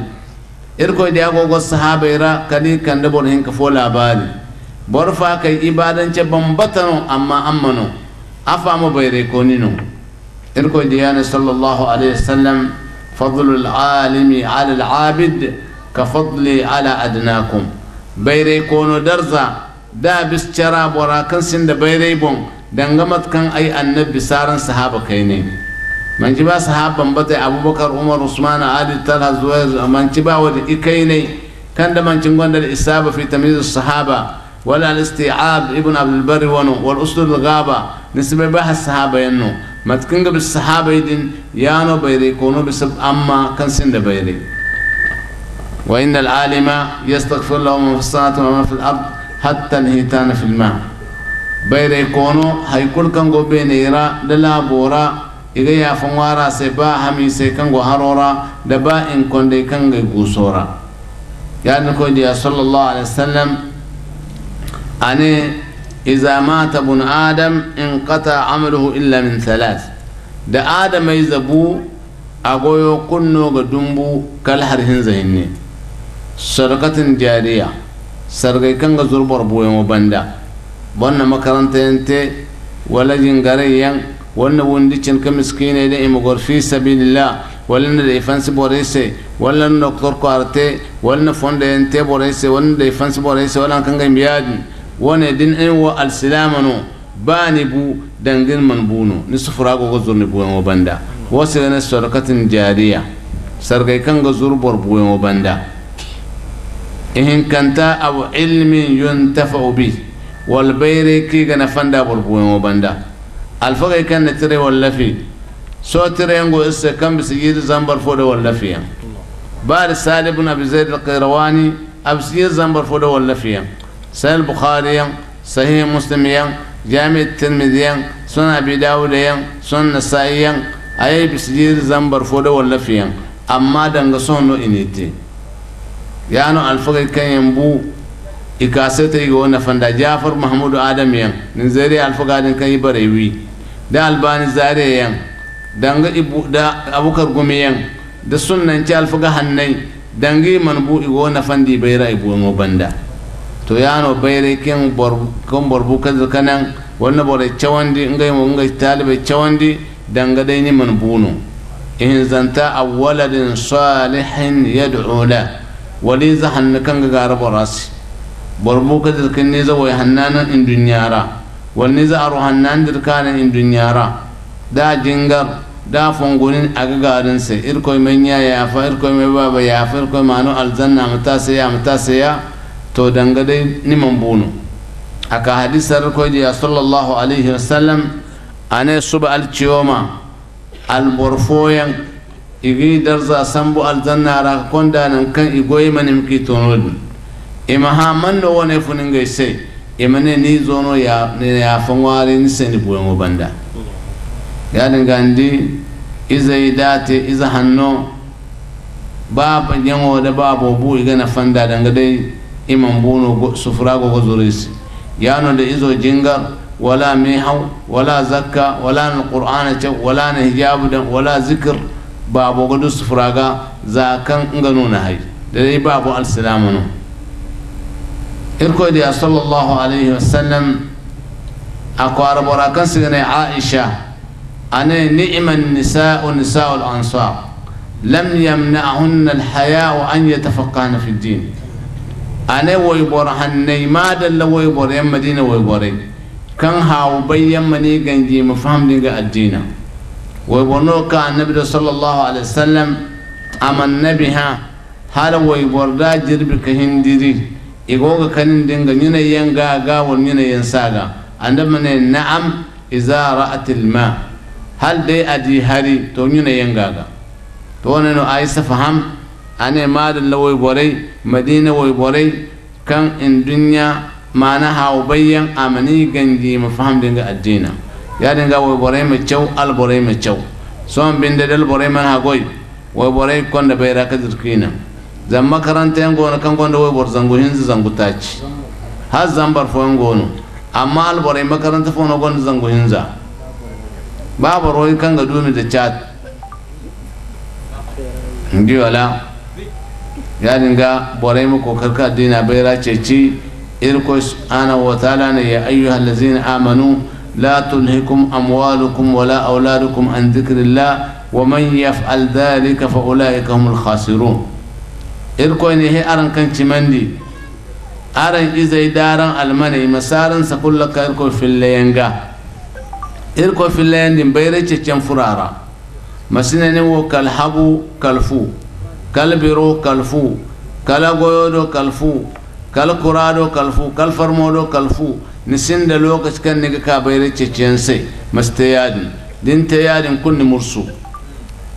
[SPEAKER 2] irko da agogo sahabaira kani kande bor hinka fo labari bor fa kai ibadance bambatano amma ammano afamo bayre konino irko da yana sallallahu alaihi wasallam fadlu alalimi ala alabid ka fadli ala adnakum bayre kono darza da bis cara bora kan sinda bayre bon dangamat kan ai annabi saran sahaba kai ne منجبا صحاب بمبتي أبو بكر عمر عثمان علي طلحة زوير منجبا ودي إكيني كان دا منجنقون دا الإصابة في تمييز الصحابة ولا الاستيعاب ابن عبد البر ونو والأسطول الغابة نسبة بها الصحابة ينو ما تكنق بالصحابة يدين يانو بيري كونو بسب أما كان سند بيري وإن العالم يستغفر له من فصلات وما في الأرض حتى الهيتان في الماء بيري كونو هيكل كنقو بيني را للا بورا iga yafanwara se ba hamise kango harora da ba in konde kanga gusora yani ko diya sallallahu alaihi wasallam ane iza mata bun adam in qata amaluhu illa min thalath da adam ay zabu agoyo kunno ga dumbu kal har hin zahinne sadaqatin jariya sargai kanga zurbor boyo banda bonna makaranta yante walajin gareyan ولا ونديشن كمسكين إذا إمغور في سبيل الله ولا نديفنس بوريسي ولا نكتور كارتي ولا فند أنت بوريسي ولا نديفنس بوريسي ولا كنجم بيادن ولا دين إنو السلامنو بانبو دنجن منبونو نسفراغو غزر نبوين وبندا وصلنا سرقة جارية سرقة كان غزر بربوين وبندا إن كانت أو علم ينتفع به والبير كي غنفندا بربوين وبندا alfaga kan tire wallafi so tire ngo isse kam bisiyir zambar fode wallafiya bar salib ibn abi zaid al-qayrawani absiyir zambar fode wallafiya sahih bukhari sahih muslim جامع الترمذي سنن أبي داود سنن النسائي أي بسجير زنبر فودا ولا فيا أما دنگ سونو إنيتي يعني الفقه كان ينبو ikasete igo na fanda jafar mahmudu adam yan nin zare alfagadin kan yi wi. da albani zare yan danga ibu da abukar gumi yan da sunnan ci alfaga hannai dangi manbu igo na fandi bayra ibu mo banda to no bayre ken bor kon borbu kan kanan wonna bore chawandi ngai mo ngai talibe chawandi danga dai ni no in zanta awwaladin salihin yad'u la wali zahannakan kan ga garabo rasi borbuka ne woy hannanan in dunyara za a ruhannan dirkanan in dunyara da jingar da a aga garin se irkoy ya yafa irko mai baba yafa irkoy manu aljanna mataseya ya to dangadai niman bunu aka hadisar irkoy jiya, sallallahu alaihi wasallam ane suba alciyoma alborfoyan igi darza sambu alzanna ra kondanan kan igoymanim kitonodin ima ha mando wane funinga se ima ne ni zono ya ne ya fangwari ni sendi buwengo banda yadin gandi iza idate iza hanno baba nyango da babo bu igana fanda danga dai imam bono sufra go Ya no da izo jingar wala mihau wala zakka wala qur'ana ce wala na hijab da wala zikir babo go sufraga zakan nga nuna hay da dai babu alsalamu no إركو إلي صلى الله عليه وسلم أكو عرب وراكن سيغني عائشة أنا نعم النساء نساء الأنصار لم يمنعهن الحياء أن يتفقهن في الدين أنا ويبورهن نيماد اللي ويبور يم مدينة ويبوري كان هاو بيم مني جنجي مفهم لغا الدين ويبورنوكا النبي صلى الله عليه وسلم أما النبي ها هذا ويبور لا جربك هنديري igoga kanin dinga minayen ga gawon minayen saga andama ne na'am iza ra'atil ma hal dai adi hari to minayen gaga to wannan no ayi safaham ane madan lawai borai madina wai borai kan in dunya mana hawo bayyan amani ganji faham dinga addina ya dinga wai borai mai kyau al borai mai kyau son bin da dal borai man hagoi wai borai kon da bai raka zan makaranta yan gona kan gonda wai bor zangu hinzi zangu taci har zan bar fo yan gono amma albore makaranta fo na gonda zangu hinza babu roi kan ga dumi da chat ndi wala ya dinga bore mu kokar ka dina bayra ceci irko subhanahu wa ta'ala ne ya ayyuhal ladzina amanu لا تلهكم أموالكم ولا أولادكم عن ذكر الله ومن يفعل ذلك فأولئك هم الخاسرون irko ne he aran kan cimandi aran izai daran almanai masaran kullu ka irko filleyenga irko filleyandi mbayre ceccen furara masina ne wo kal habu kalfu kal biro kalfu kala kalfu kala kal kalfu kal farmoɗo kalfu ni sinda lokaci kan ne ka bayre ceccen sai masteyadin din yadin kunni mursu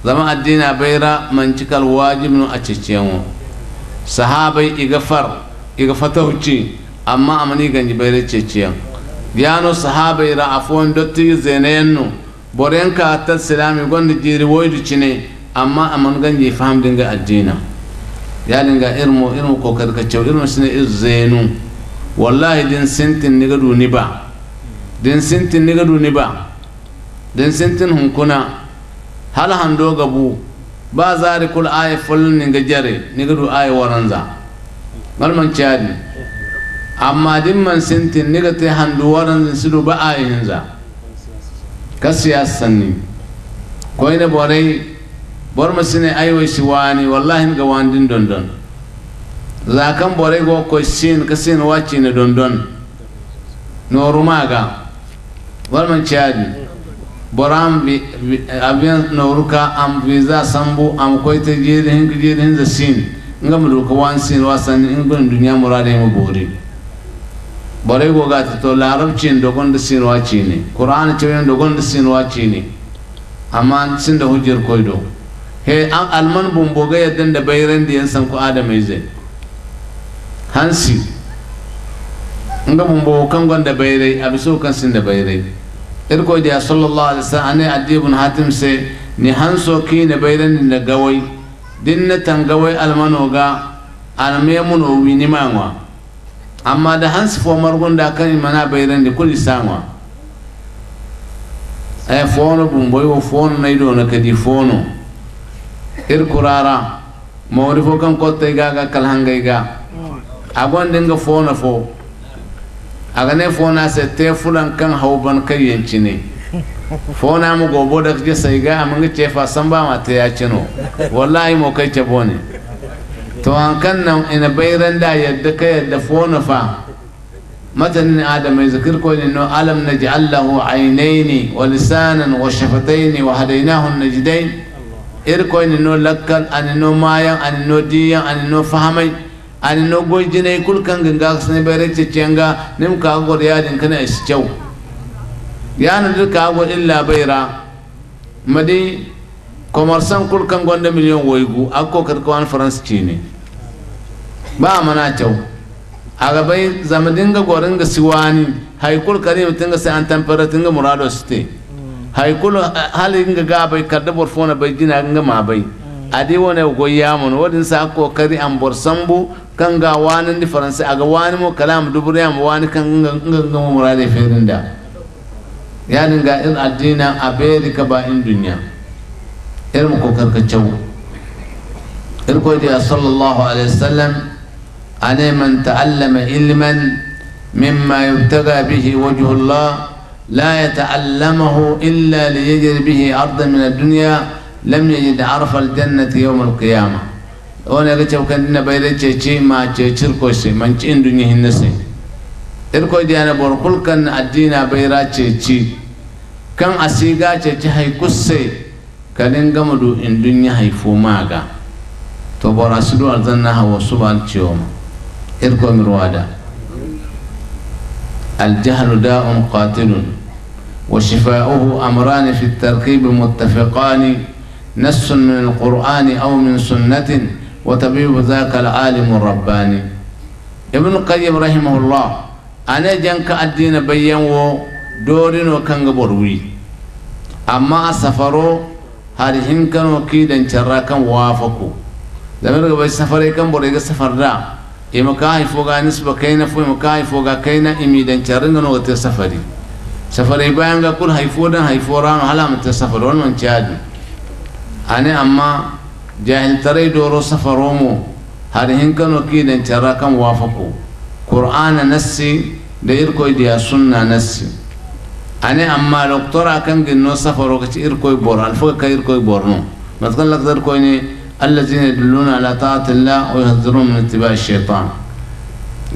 [SPEAKER 2] zama addina bayra mancikal wajibnu a ceccen wo sahabai igafar igafata huci amma amani ganji bayre ceciyan yano sahabai ra afon dotti zeneyenno borenka ta silami gonda jiri woydu cine amma aman ganji faham dinga addina dinga irmo irmo ko karkacewa cew irmo sine ir zenu wallahi din sintin niga du ba din sintin niga du ba din sintin hunkuna hal hando gabu ba zari rikul aya fulun ni ga jere ni ga du aya waranza za malman chadi amma din man sintin ni ga ta handu waranza sidu ba aya za ka siyasan sanni. ko ina borai bor masine ayo wani wallahi ga wandin dondon za kan borai go ko sin ka sin wachi ni dondon norumaga ga. man chadi boram bi abiyan nauruka am visa sambu am koyta jere hin jere hin zasin ngam do ko wan sin wasan in gun duniya murade mu bore bore go ga to larabcin do gon de sin wachini ne qur'an to yon do gon da sin waci ne amma sin da hujjar koydo he alman bum ga yaddan da bayran de yan san ko adam zai hansi nga bumbo kan gon de bayrai abiso kan sin da bayrai irko da sallallahu alaihi wasallam ane adibun hatim se ni hanso ki ne bayran da gawai din tan tangawai almano ga alme muno wi ni manwa amma da hans fo margun da kan mana bayran da kulli sanwa ay fono bum boy wo fono nay do na kadi fono irkurara mawri fo kan kotte ga ga kalhangai ga agon dinga fono fo aga ne fona se te fulan kan hauban kan ne fona mu gobo da kaje sai ga mun ce fa san ba ma ta cino wallahi mu kai ce bone to an kan nan ina bayran da yadda ka yadda fona fa matanin adam ya zikir ko ne no alam naji allahu aynaini wa lisanan wa shafataini wa hadainahu najdain ir ko ne no lakkan an no mayan an no diyan an no fahamai ani no goji ne kul kan ganga sene bare ce cenga nim ka go ya din kana is cew ya na dir ka illa baira. madi komarsan kul kan gonda miliyon woygu akko kar ko an france cini ba mana cew aga bai zamadin ga gorin ga siwani haikul kare mutun ga sai an tampara tun ga murado site haikul eh, halin ga ga bai kadda borfona bai jina ga ma bai adi wone go yamun wodin sa ko kari an bor sambu kanga wani ni faransi aga wani mo kalam dubure am wani kanga nganga mo murade ferinda yani ga in addina aberi ka ba in dunya irin ko karka chawu irin ko dia sallallahu alaihi wasallam ane man ta'allama ilman mimma yubtaga bihi wajhu Allah la yata'allamahu illa liyajri bihi arda min ad-dunya lam yajid arfal jannati yawm al qiyamah wona ga cew kan na dina bayda cece ma ce cirko sai? man ci indu ni hinna se irko diana bor kul kan addina bayra cece kan asiga cece hay kusse kadin gama du in dunya haifo maga to bora su du alzanna hawa su ba ciwoma irko mirwada الجهل داء قاتل وشفاؤه أمران في التركيب متفقان نص من القرآن أو من سنة وتبيب ذاك العالم الرباني ابن القيم رحمه الله أنا جنك الدين بيان و دورين وكان بروي أما سفروا هارهن كانوا كيدا شرا كان وافقوا زمان قبل سفر كان بريق سفر دا إما كاي فوقا نسبة كينا فو إما كاي فوقا كينا إمي دن شرين كانوا سفري سفري بيان كل هاي فودا هاي هيفورا هلا متسافرون من شادي أنا أما جاهل تري دورو سفرومو هر هنك نكيد إن تراكم وافقو قرآن نسي دير كوي ديا سنة نسي أنا أما دكتور أكن جنو سفرو كتير كوي بور ألفو كير كوي بورنو مثلا لك در كويني الذين يدلون على طاعة الله ويهذرون من اتباع الشيطان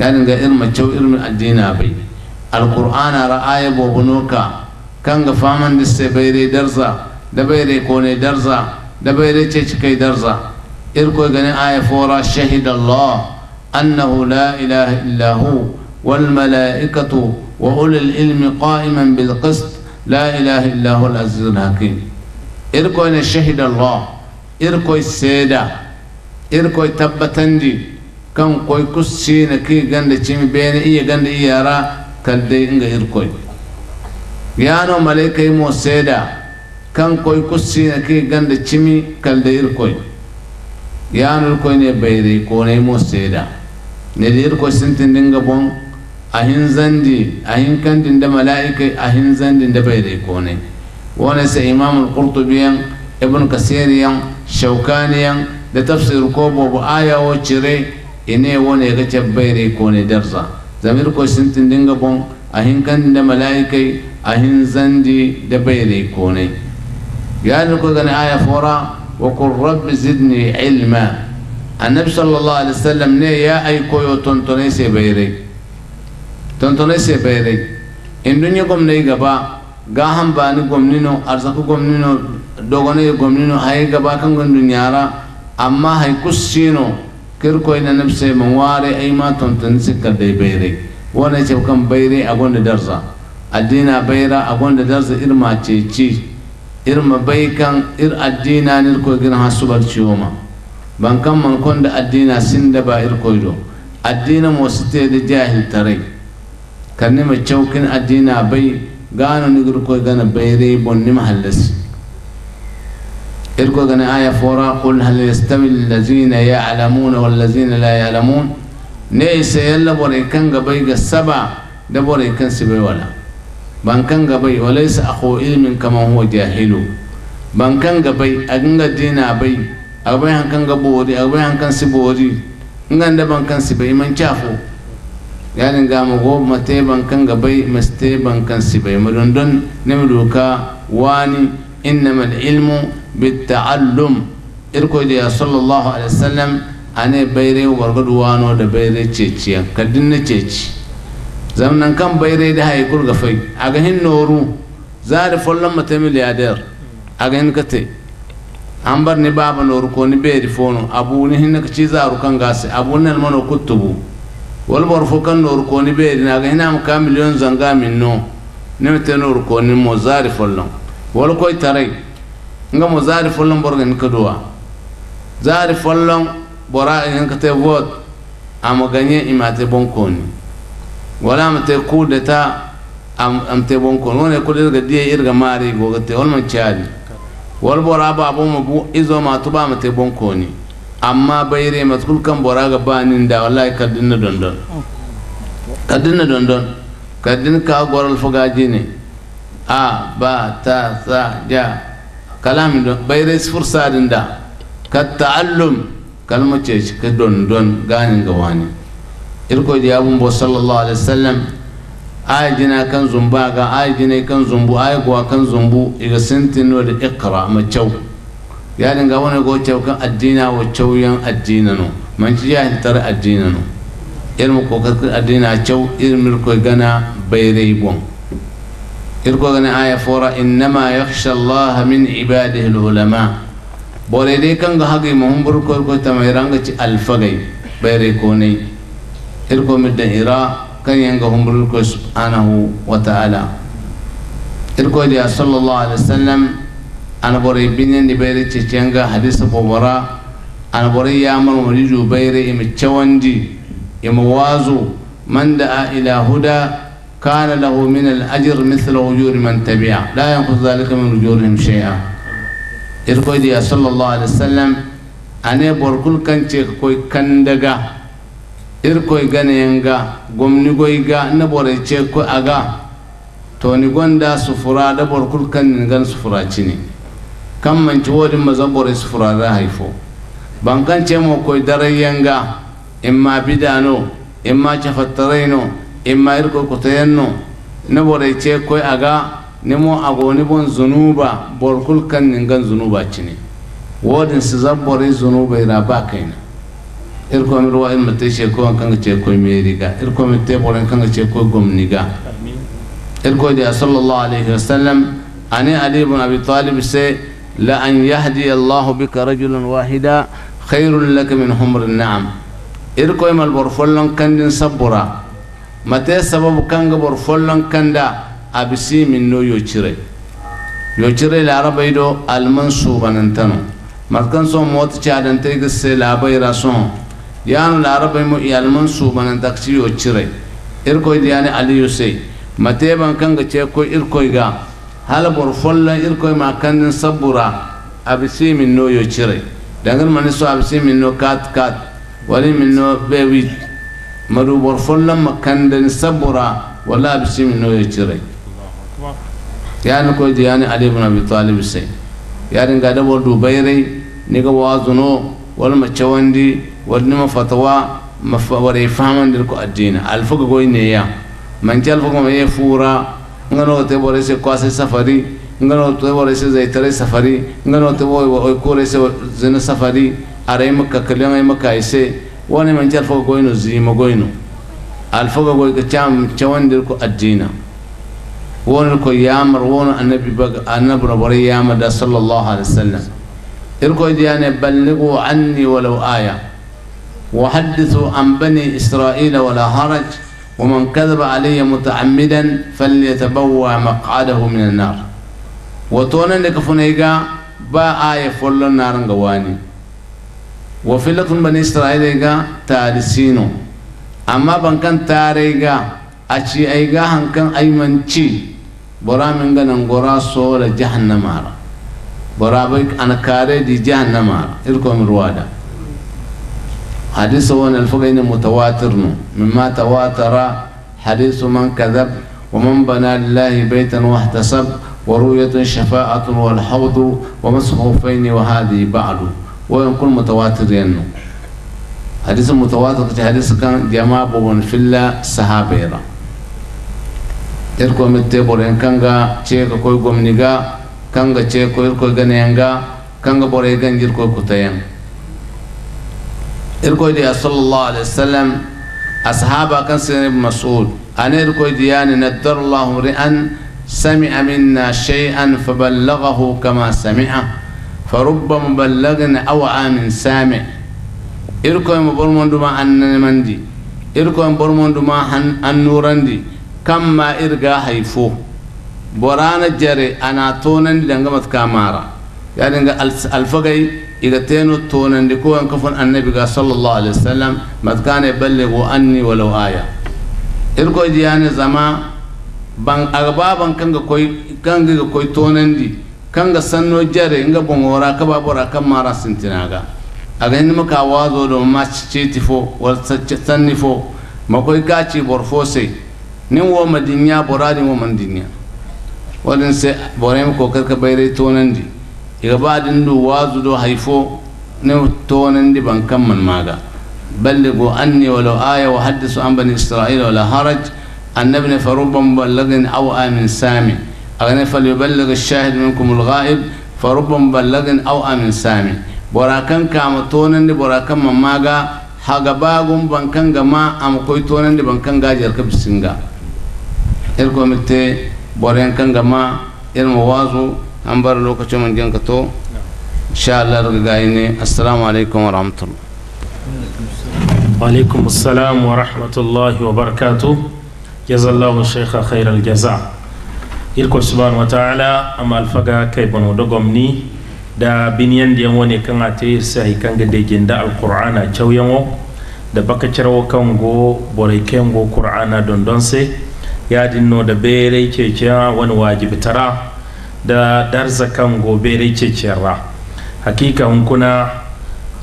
[SPEAKER 2] يعني إرم تشو إرم الدين أبي القرآن رآية بوبنوكا كان فامن دستبيري درزا دبيري كوني درزا دبيري كي درزا إركو غني آية فورا شهد الله أنه لا إله إلا هو والملائكة وأولي العلم قائما بالقسط لا إله إلا هو العزيز الحكيم إركو أن شهد الله إركو السيدة إركو تبتندي كم كوي كسين كي غند تشمي بين إيه غند إيه را كالدي إنغ إركو يانو ملائكة مو سيدة Kan kusi kussina ke ganda cimi kaldayirkoy yanulkoy ne bayri ne mo seeda nedeyirkoy dinga bon ahin zandi ahin din da mala'ika ahin zandi da bayri ne wona sai imam al yan ibn kasiriyan yan da tafsir ko bo aya wo cire ine wona ga ko ne darza zamirkoy sintindinga bon ahin din da mala'ika ahin zandi da bayri ne قال لكم آية فورا وقل رب زدني علما النبي صلى الله عليه وسلم نے يا أي کوئی تنتنے سے بیرے تنتنے ان دنیا کم نہیں گبا گا ہم بانی نينو نینو ارزقو کم نینو دوگنے کم نینو ہائی گبا کم گن دنیا را اما ہائی کس سینو کر کوئی نب سے موارے ایما تنتنے سے کر دے بیرے وانا يجب كم بيري أقول ندرزا الدين بيرا أقول ندرزا ارما تشي تشي ir mabai kan ir addina nir ko gina ha subal ciwoma ban kan man kon da addina sin da ba ir koydo addina mo site da jahil tare kan ne ma chaukin addina bai gano ni gir ko gana bai re bon ni mahallas ir ko gana aya fora qul hal yastawi allazina ya'lamuna wal ladzina la ya'lamun ne sai yalla bore kan ga bai ga saba da bore kan sibai wala bankan gabai walaysa akhu ilmin kama huwa jahilu bankan gabai aginga dina bai agbai hankan gabori agbai hankan sibori nganda bankan sibai man chafo yani ngama go mate bankan gabai maste bankan sibai mudondon nemduka wani innama alilmu bitta'allum irko da sallallahu alaihi wasallam ane bayre wargadu wano da bayre ceciya kadin na ceci zamnan kan bai rai da hay kurga a aga hin noru zari follon mata a aga hin kate an bar ni baba noru ko ni beri fono abu ni hin ka ci zaru kan gasi abu nan almano kutubu wal bor kan noru ko ni bai na aga hin am ka miliyon zanga min no ne mata noru ko ni mo zari follon wal koy tare nga mo zari follon bor ga ni kaduwa zari follon bora hin ka te vote amma ganye imate bon koni wala mate kudeta amte bonkon wone kudirga diye irga maari gogate wolman caadi wol bora mo bu izo ma tuba mate bonkoni amma bayre kam kan bora ga ni da wallahi kadinna dondon kadinna dondon kadin ka goral fuga jini a ba ta sa ja kalam do bayre fursa dinda ka ta'allum kalmace shi ka dondon ni ga wani irko da yabun bo sallallahu alaihi wasallam ay dina kan zumba ga ay dina kan zumbu ay kuwa kan zumbu iga no da ikra ma chau ya dinga wani go chau kan addina wa chau yan addina no man ci ya tar addina no irin ko ka addina chau irin ko gana bayrai bon irko gana aya fora innama yakhsha allah min ibadihi alulama bore dai kan ga hage mun burko ko ta mai ranga ci alfagai bayrai ko ne إلكو مدى إراء كان ينقهم برلكو سبحانه وتعالى إلكو دي صلى الله عليه وسلم أنا بوري بنين نبيري بيري تشينغا حديث بورا أنا بوري يامر مريجو بيري إم تشواندي إم وازو من دعا إلى هدى كان له من الأجر مثل أجور من تبعه لا ينقص ذلك من أجورهم شيئا إلكو دي صلى الله عليه وسلم أنا بوركل كان تشيكوي كندقه irkoy ganeyenga ga na ce ko aga toni gonda sufura da bor kulkan ni gan sufura cini kan ma zan maza boray sufura da haifo bankan cemo koy darayyenga imma bidano imma cafattarayno imma irkoy yanno na ce ko aga ago agoni bon zunuba bor kulkan ni gan zunuba cini wodin zan zabboray zunuba ira ba kaina irkomi ruwa in mate sheko an kanga ce koi meriga irkomi tebor an kanga ce koi gomniga irko da sallallahu alaihi wasallam ani ali ibn abi talib se la an yahdi allah bika rajulan wahida khairun lak min humr an'am irkoy mal borfollon kandin sabura mate sababu kanga borfollon kanda abisi min no yocire yocire la rabaido almansuban tanu markan so mot chadan tege se la bayra son yan larabai mu iyalman su banan taksi yo cire irkoi diyani aliyu sai mate ban kan ga ce ko irkoi ga halbor follan irkoi ma kan sabura abisi min no yo cire dangar mani so abisi min no kat kat wali min no bewi madu bor follan ma kan den sabura wala abisi min no yo cire yani ko diyani ali ibn abi talib sai yarin ga da bor dubai rai ni ga wazuno wal macawandi ونمو فتوى وري فهم عندك الدين ألف قوي نيا من تي ألف قوي فورا عندو تبوري سقاس سفاري عندو تبوري سيتري سفاري عندو تبوري وكوري سين سفاري أريم ككليان أريم كايسة وانا من تي ألف قوي نزي مقوي نو ألف قوي كتشام تشوان عندك الدين وانا كيامر وانا النبي بق النبي بري يامر صلى الله عليه وسلم إلكو ديانة بلغوا عني ولو آية وحدثوا عن بني إسرائيل ولا حرج ومن كذب علي متعمدا فليتبوى مقعده من النار وتونا نكفنيغا با آية فل النار وفي لكم بني إسرائيل غا تالسينو أما كان تاريغا أشي أيغا من أيمنشي برا قنا نغورا صورة جهنم برا بيك أنا كاري دي جهنم إلكم روادا حديثه ونلفق إن متواتر مما تواتر حديث من كذب ومن بنى لله بيتا واحتسب ورؤية شفاعة والحوض ومسخوفين وهذه بعد ويكون متواتر ينو يعني. حديث متواتر حديث كان جماعة بون في الله صحابيرا irko mitte boren kanga cheka koy gomniga kanga cheko irko ganenga kanga bore ganjir koy kutayen irkoy diya sallallahu alaihi wasallam ashaba kan sene mas'ud an irkoy diya ندر الله ri'an سمع منا شيئا فبلغه كما سمع فرب مبلغ أوعى من سامع إركو مبرمون دما أن مندي إركو مبرمون دما أن نورندي كم ما إرقا حيفو برانا جري أنا تونن لنغمت كامارا يعني ألفقي إذا تينو تون لكون كفن النبي صلى الله عليه وسلم ما كان يبلغ أني ولو آية إركو جياني يعني زما بان أغبا بان كنغ كوي كنغ كوي تونن كنغ سنو جاري إنغ بونغورا كبا بورا كمارا سنتناغا أغين مكا وازو دو ما تشيتي فو والسني فو ما كوي كاتي بورفوسي نمو مدنيا برادي ومن دنيا ولنسي بوريم كوكر كبيري تونن iga baadin du wazu do haifo ne bankan ban kamman maaga balligu anni walau aya wa haddisu an bani israila wala haraj annabi ne fa rubba muballigin aw amin sami aga ne ash-shahid minkum alghaib fa rubba muballigin aw amin sami bora kan kama toonandi bora kamman ga haga bagun bankan ga ma ama koy toonandi ga. kanga jarka bisinga irkomite boren ga ma irma wazu. an bar lokacin mun ganka to insha Allah rigayi ne assalamu alaikum wa rahmatullah
[SPEAKER 1] wa alaikum assalam wa rahmatullahi wa barakatuh jazallahu shaykha khairal jaza irko subhanahu wa ta'ala amal faga kai banu dogomni da biniyan da yan wani kan ate sai kan ga degin da alqur'ana chawyanwo da baka carwo kan go borai kan go qur'ana dondon sai ya dinno da bere keke wani wajibi tara da darsa kan gobere cecerra hakika hunkuna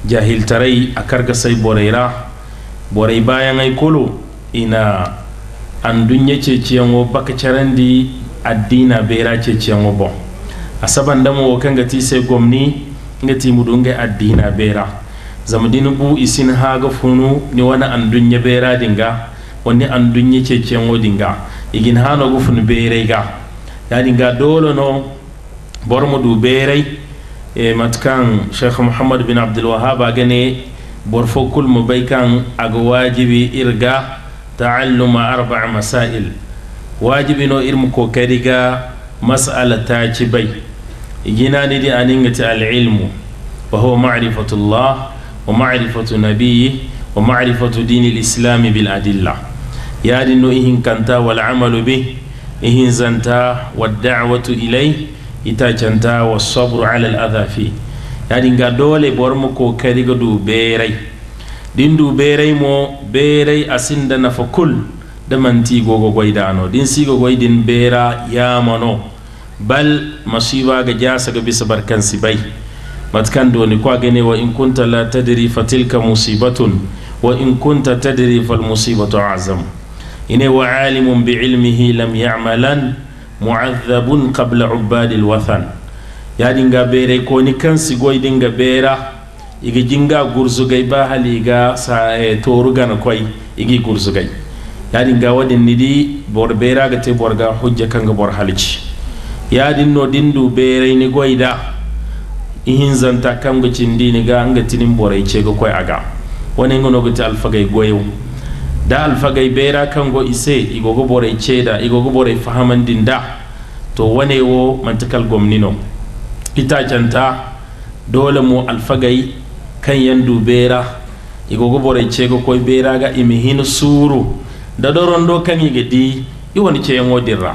[SPEAKER 1] jahiltarai a kargasai boraira borai bayan aikolo ina andun ya ceciyan wo baka carandi addina bera ceciyan wo bon a saban damu wo kan gati sai gwamni nga timudun ga addina bera zamadini bu isin ga funu ni wani an dunya bera dinga wani andun ya ceciyan wo dinga igin hano gufun bere ga dole no doolono bormo du beeray e matkan sheikh muhammad bin bin abdulwahab agane bor fo mu bay kan aga irga taalluma arbaa masail wajibi no irmu ko kadi masala ta ci bay ijinani di aningati alilmu wa huwa marifatu allah wa marifatu nabiyyi wa marifatu dini islam bil adilla yadi no wal walamalu bih ihinzanta wa da'awatu ilai ita canta wa sabru ala al'adhafi yadin ga dole bor mu kokari ga duberai din duberai mo berai asin da nafa kul da manti gogo goidano din si go din bera ya mano bal masiba ga jasa ga bisa barkan sibai matkan doni kwa gane wa in kunta la tadri fatilka musibatun wa in kunta tadri fal musibatu azam ine wa alimun biilmihi lam yamalan muadhabun qabla ubadi lwathan yadinga bere koni kan sigoydinga beera igi jinga gurzugay ba hali iga sa e, torugana koy igi gursugay yadin ga wadin nidi bor bera ga te borga hujja kanga bor halici yadin no dindu bere ni goida ihin zanta kam ga cindi ni ga anga tinin borai ce ga koy aga wani ngono ga ta alfagai goyo da alfagai bera kan go ise igogo borai ceda igogo fahaman dinda to wane wo mantakal gomnino ita canta dole mu alfagai kan yandu beera igogo ce ceego koi bera ga imihin suru da doron do kan yiga di ce yan dirra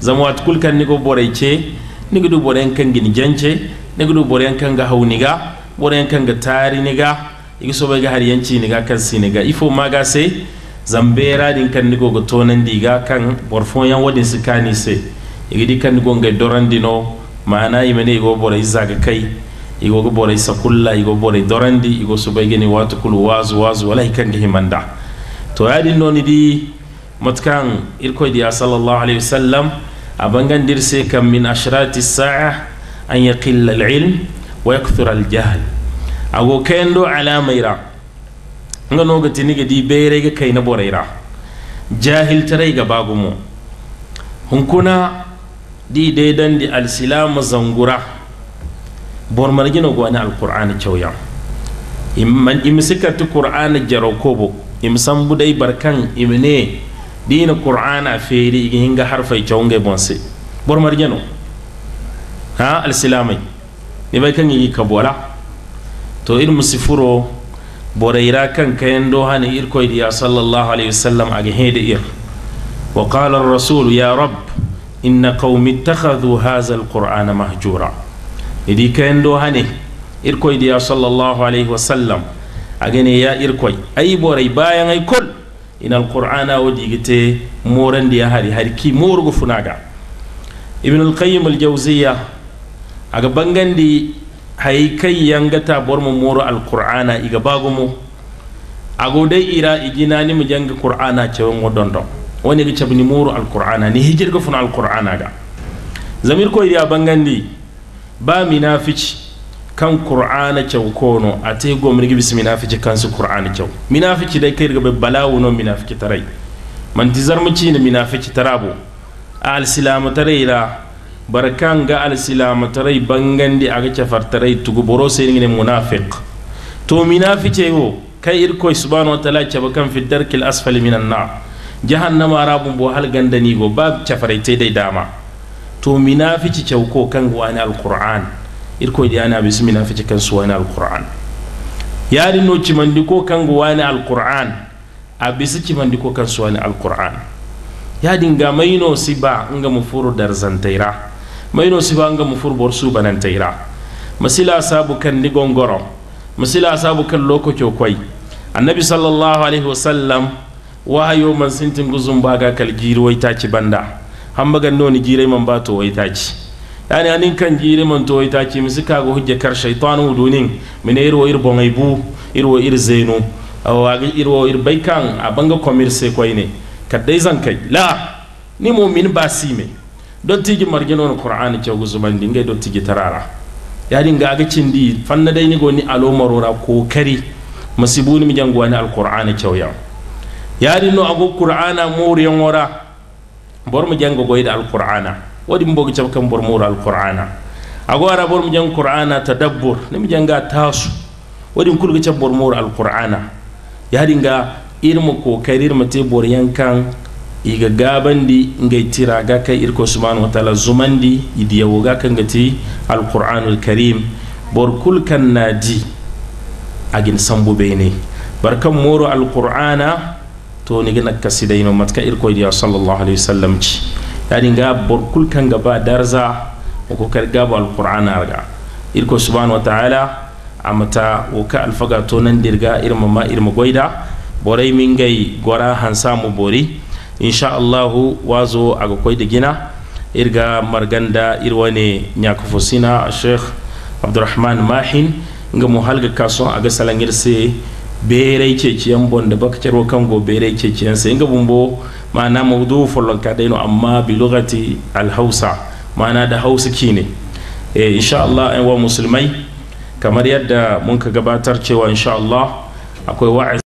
[SPEAKER 1] zama wata kulkan ni nigo borey ce niga du boren kan gini jance niga du boren kan ga hauniga boren kan ga tari niga iga sobe ga har niga kan siniga ifo maga sai beera din kaŋ ni go ga diga kan borfon yan wadin su kani se igidi kan nigo ngai doran dino mana imene igo bora izaga kai i go bora isa kulla igo bora dorandi igo su bai gani watu kulu wazu wazu wala kan gi himanda to ya din noni di kaŋ irko di sallallahu alaihi wasallam abangan dir se kam min ashrati sa'a an yaqilla al-ilm wa yakthura al-jahl ago kendo ra nga noga ga nige di bere ga kai na boraira jahil tare ga bagumo hunkuna di daidan di alsilamu zangura bor margino go na alquran chawya imman imsikatu qur'ani jarokobo imsan budai barkan imne dina qur'ana feeri igi harfa chawnge bonse bor margino ha alsilamai ne bai kan yi kabola to irin musifuro بوريرا كان كين دوهاني إركوي يا صلى الله عليه وسلم أجهيد إير وقال الرسول يا رب إن قوم اتخذوا هذا القرآن مهجورا إدي كين دوهاني إركوي يا صلى الله عليه وسلم أجني يا إركوي أي بوري باين أي كل إن القرآن وديجتي مورن دي هاري هاري كي مورغو فناغا ابن القيم الجوزية أجا بانغاندي kai kai ta bor mu moro alqur'ana iga mu ago dai ira igina ni mu janga qur'ana cewon wodondo woni ga ni moro alqur'ana ni hijir ga fun alqur'ana ga zamir ko ira bangandi ba minafici kan qur'ana a kono ate mun gi kan su qur'ana ce minafici dai kai ga balawo no minafici tarai man tizar mu ci ni minafici tarabo al silamu tarayra barkan ga tarai bangandi aga tarai tugu boro ne munafiq to minafice ho kai irko subhanahu wa ta'ala caba kan fi darkil asfali minan na jahannama arabun bo hal gandani go bab cafarai te dai dama to minafici cauko kan wani alquran irko di ana bismi minafici kan su wani alquran yari no cimandiko kan wani alquran a mandi cimandiko kan su wani alquran yadin dinga maino si ba nga mu dar zantaira mayno sibanga mu furbor subanantayra masila sabu kan ni gongoro masila sabu kan lokoco koy annabi sallallahu alaihi wasallam hayo man sintin guzum baga kal jiri wai taci banda hamba gan noni jirai man bato wai taci yani anin kan jiri man to wai taci misi kaga hujja kar shaytanu dunin mine irwo ir bongai bu irwo ir aw awa irwo ir baikan abanga komirse kwai ne kadai zan kai la ni mu'min ba sime don tigi margin wani qur'ani ke guzuman dinga don tigi tarara ya dinga aga di fanna dai ni goni alo marora kokari masibuni mi jangwani alqur'ani ke ya ya dinno ago qur'ana moriyan wara bor mu gogoyi da alqur'ana wadin mbogi chabkan bor mura alqur'ana ago wara bor mu jang ta dabbur ni mijan ga tasu wadi kulga bor mura alqur'ana ya dinga irma kokari irma te bor yankan iga gabandi nga tira gaka kay irko subhanahu wa ta'ala zumandi idi yawo ga kan gati alqur'anul karim bor kul kan naji agin sambu bene barkan moro alqur'ana to ni gina kasidai no matka irko diya sallallahu alaihi wasallam ci yani nga bor kul kan gaba darza ko kar gaba alqur'ana arga irko subhanahu wa ta'ala amata woka alfaga to nan dirga irma ma irma goida borai min gora hansa mu bori insha allahu wazo aga koy da gina irga marganda irwane a sheikh abdurrahman mahin nga mu halga a aga salangir se berai ceciyan bon da baka cero kan go berai ceciyan sai nga bumbo ma'ana mawdu folon ka daino amma bi lugati alhausa ma'ana da hausa kine eh insha Allah wa musulmai kamar yadda mun ka gabatar cewa insha Allah akwai wa'azi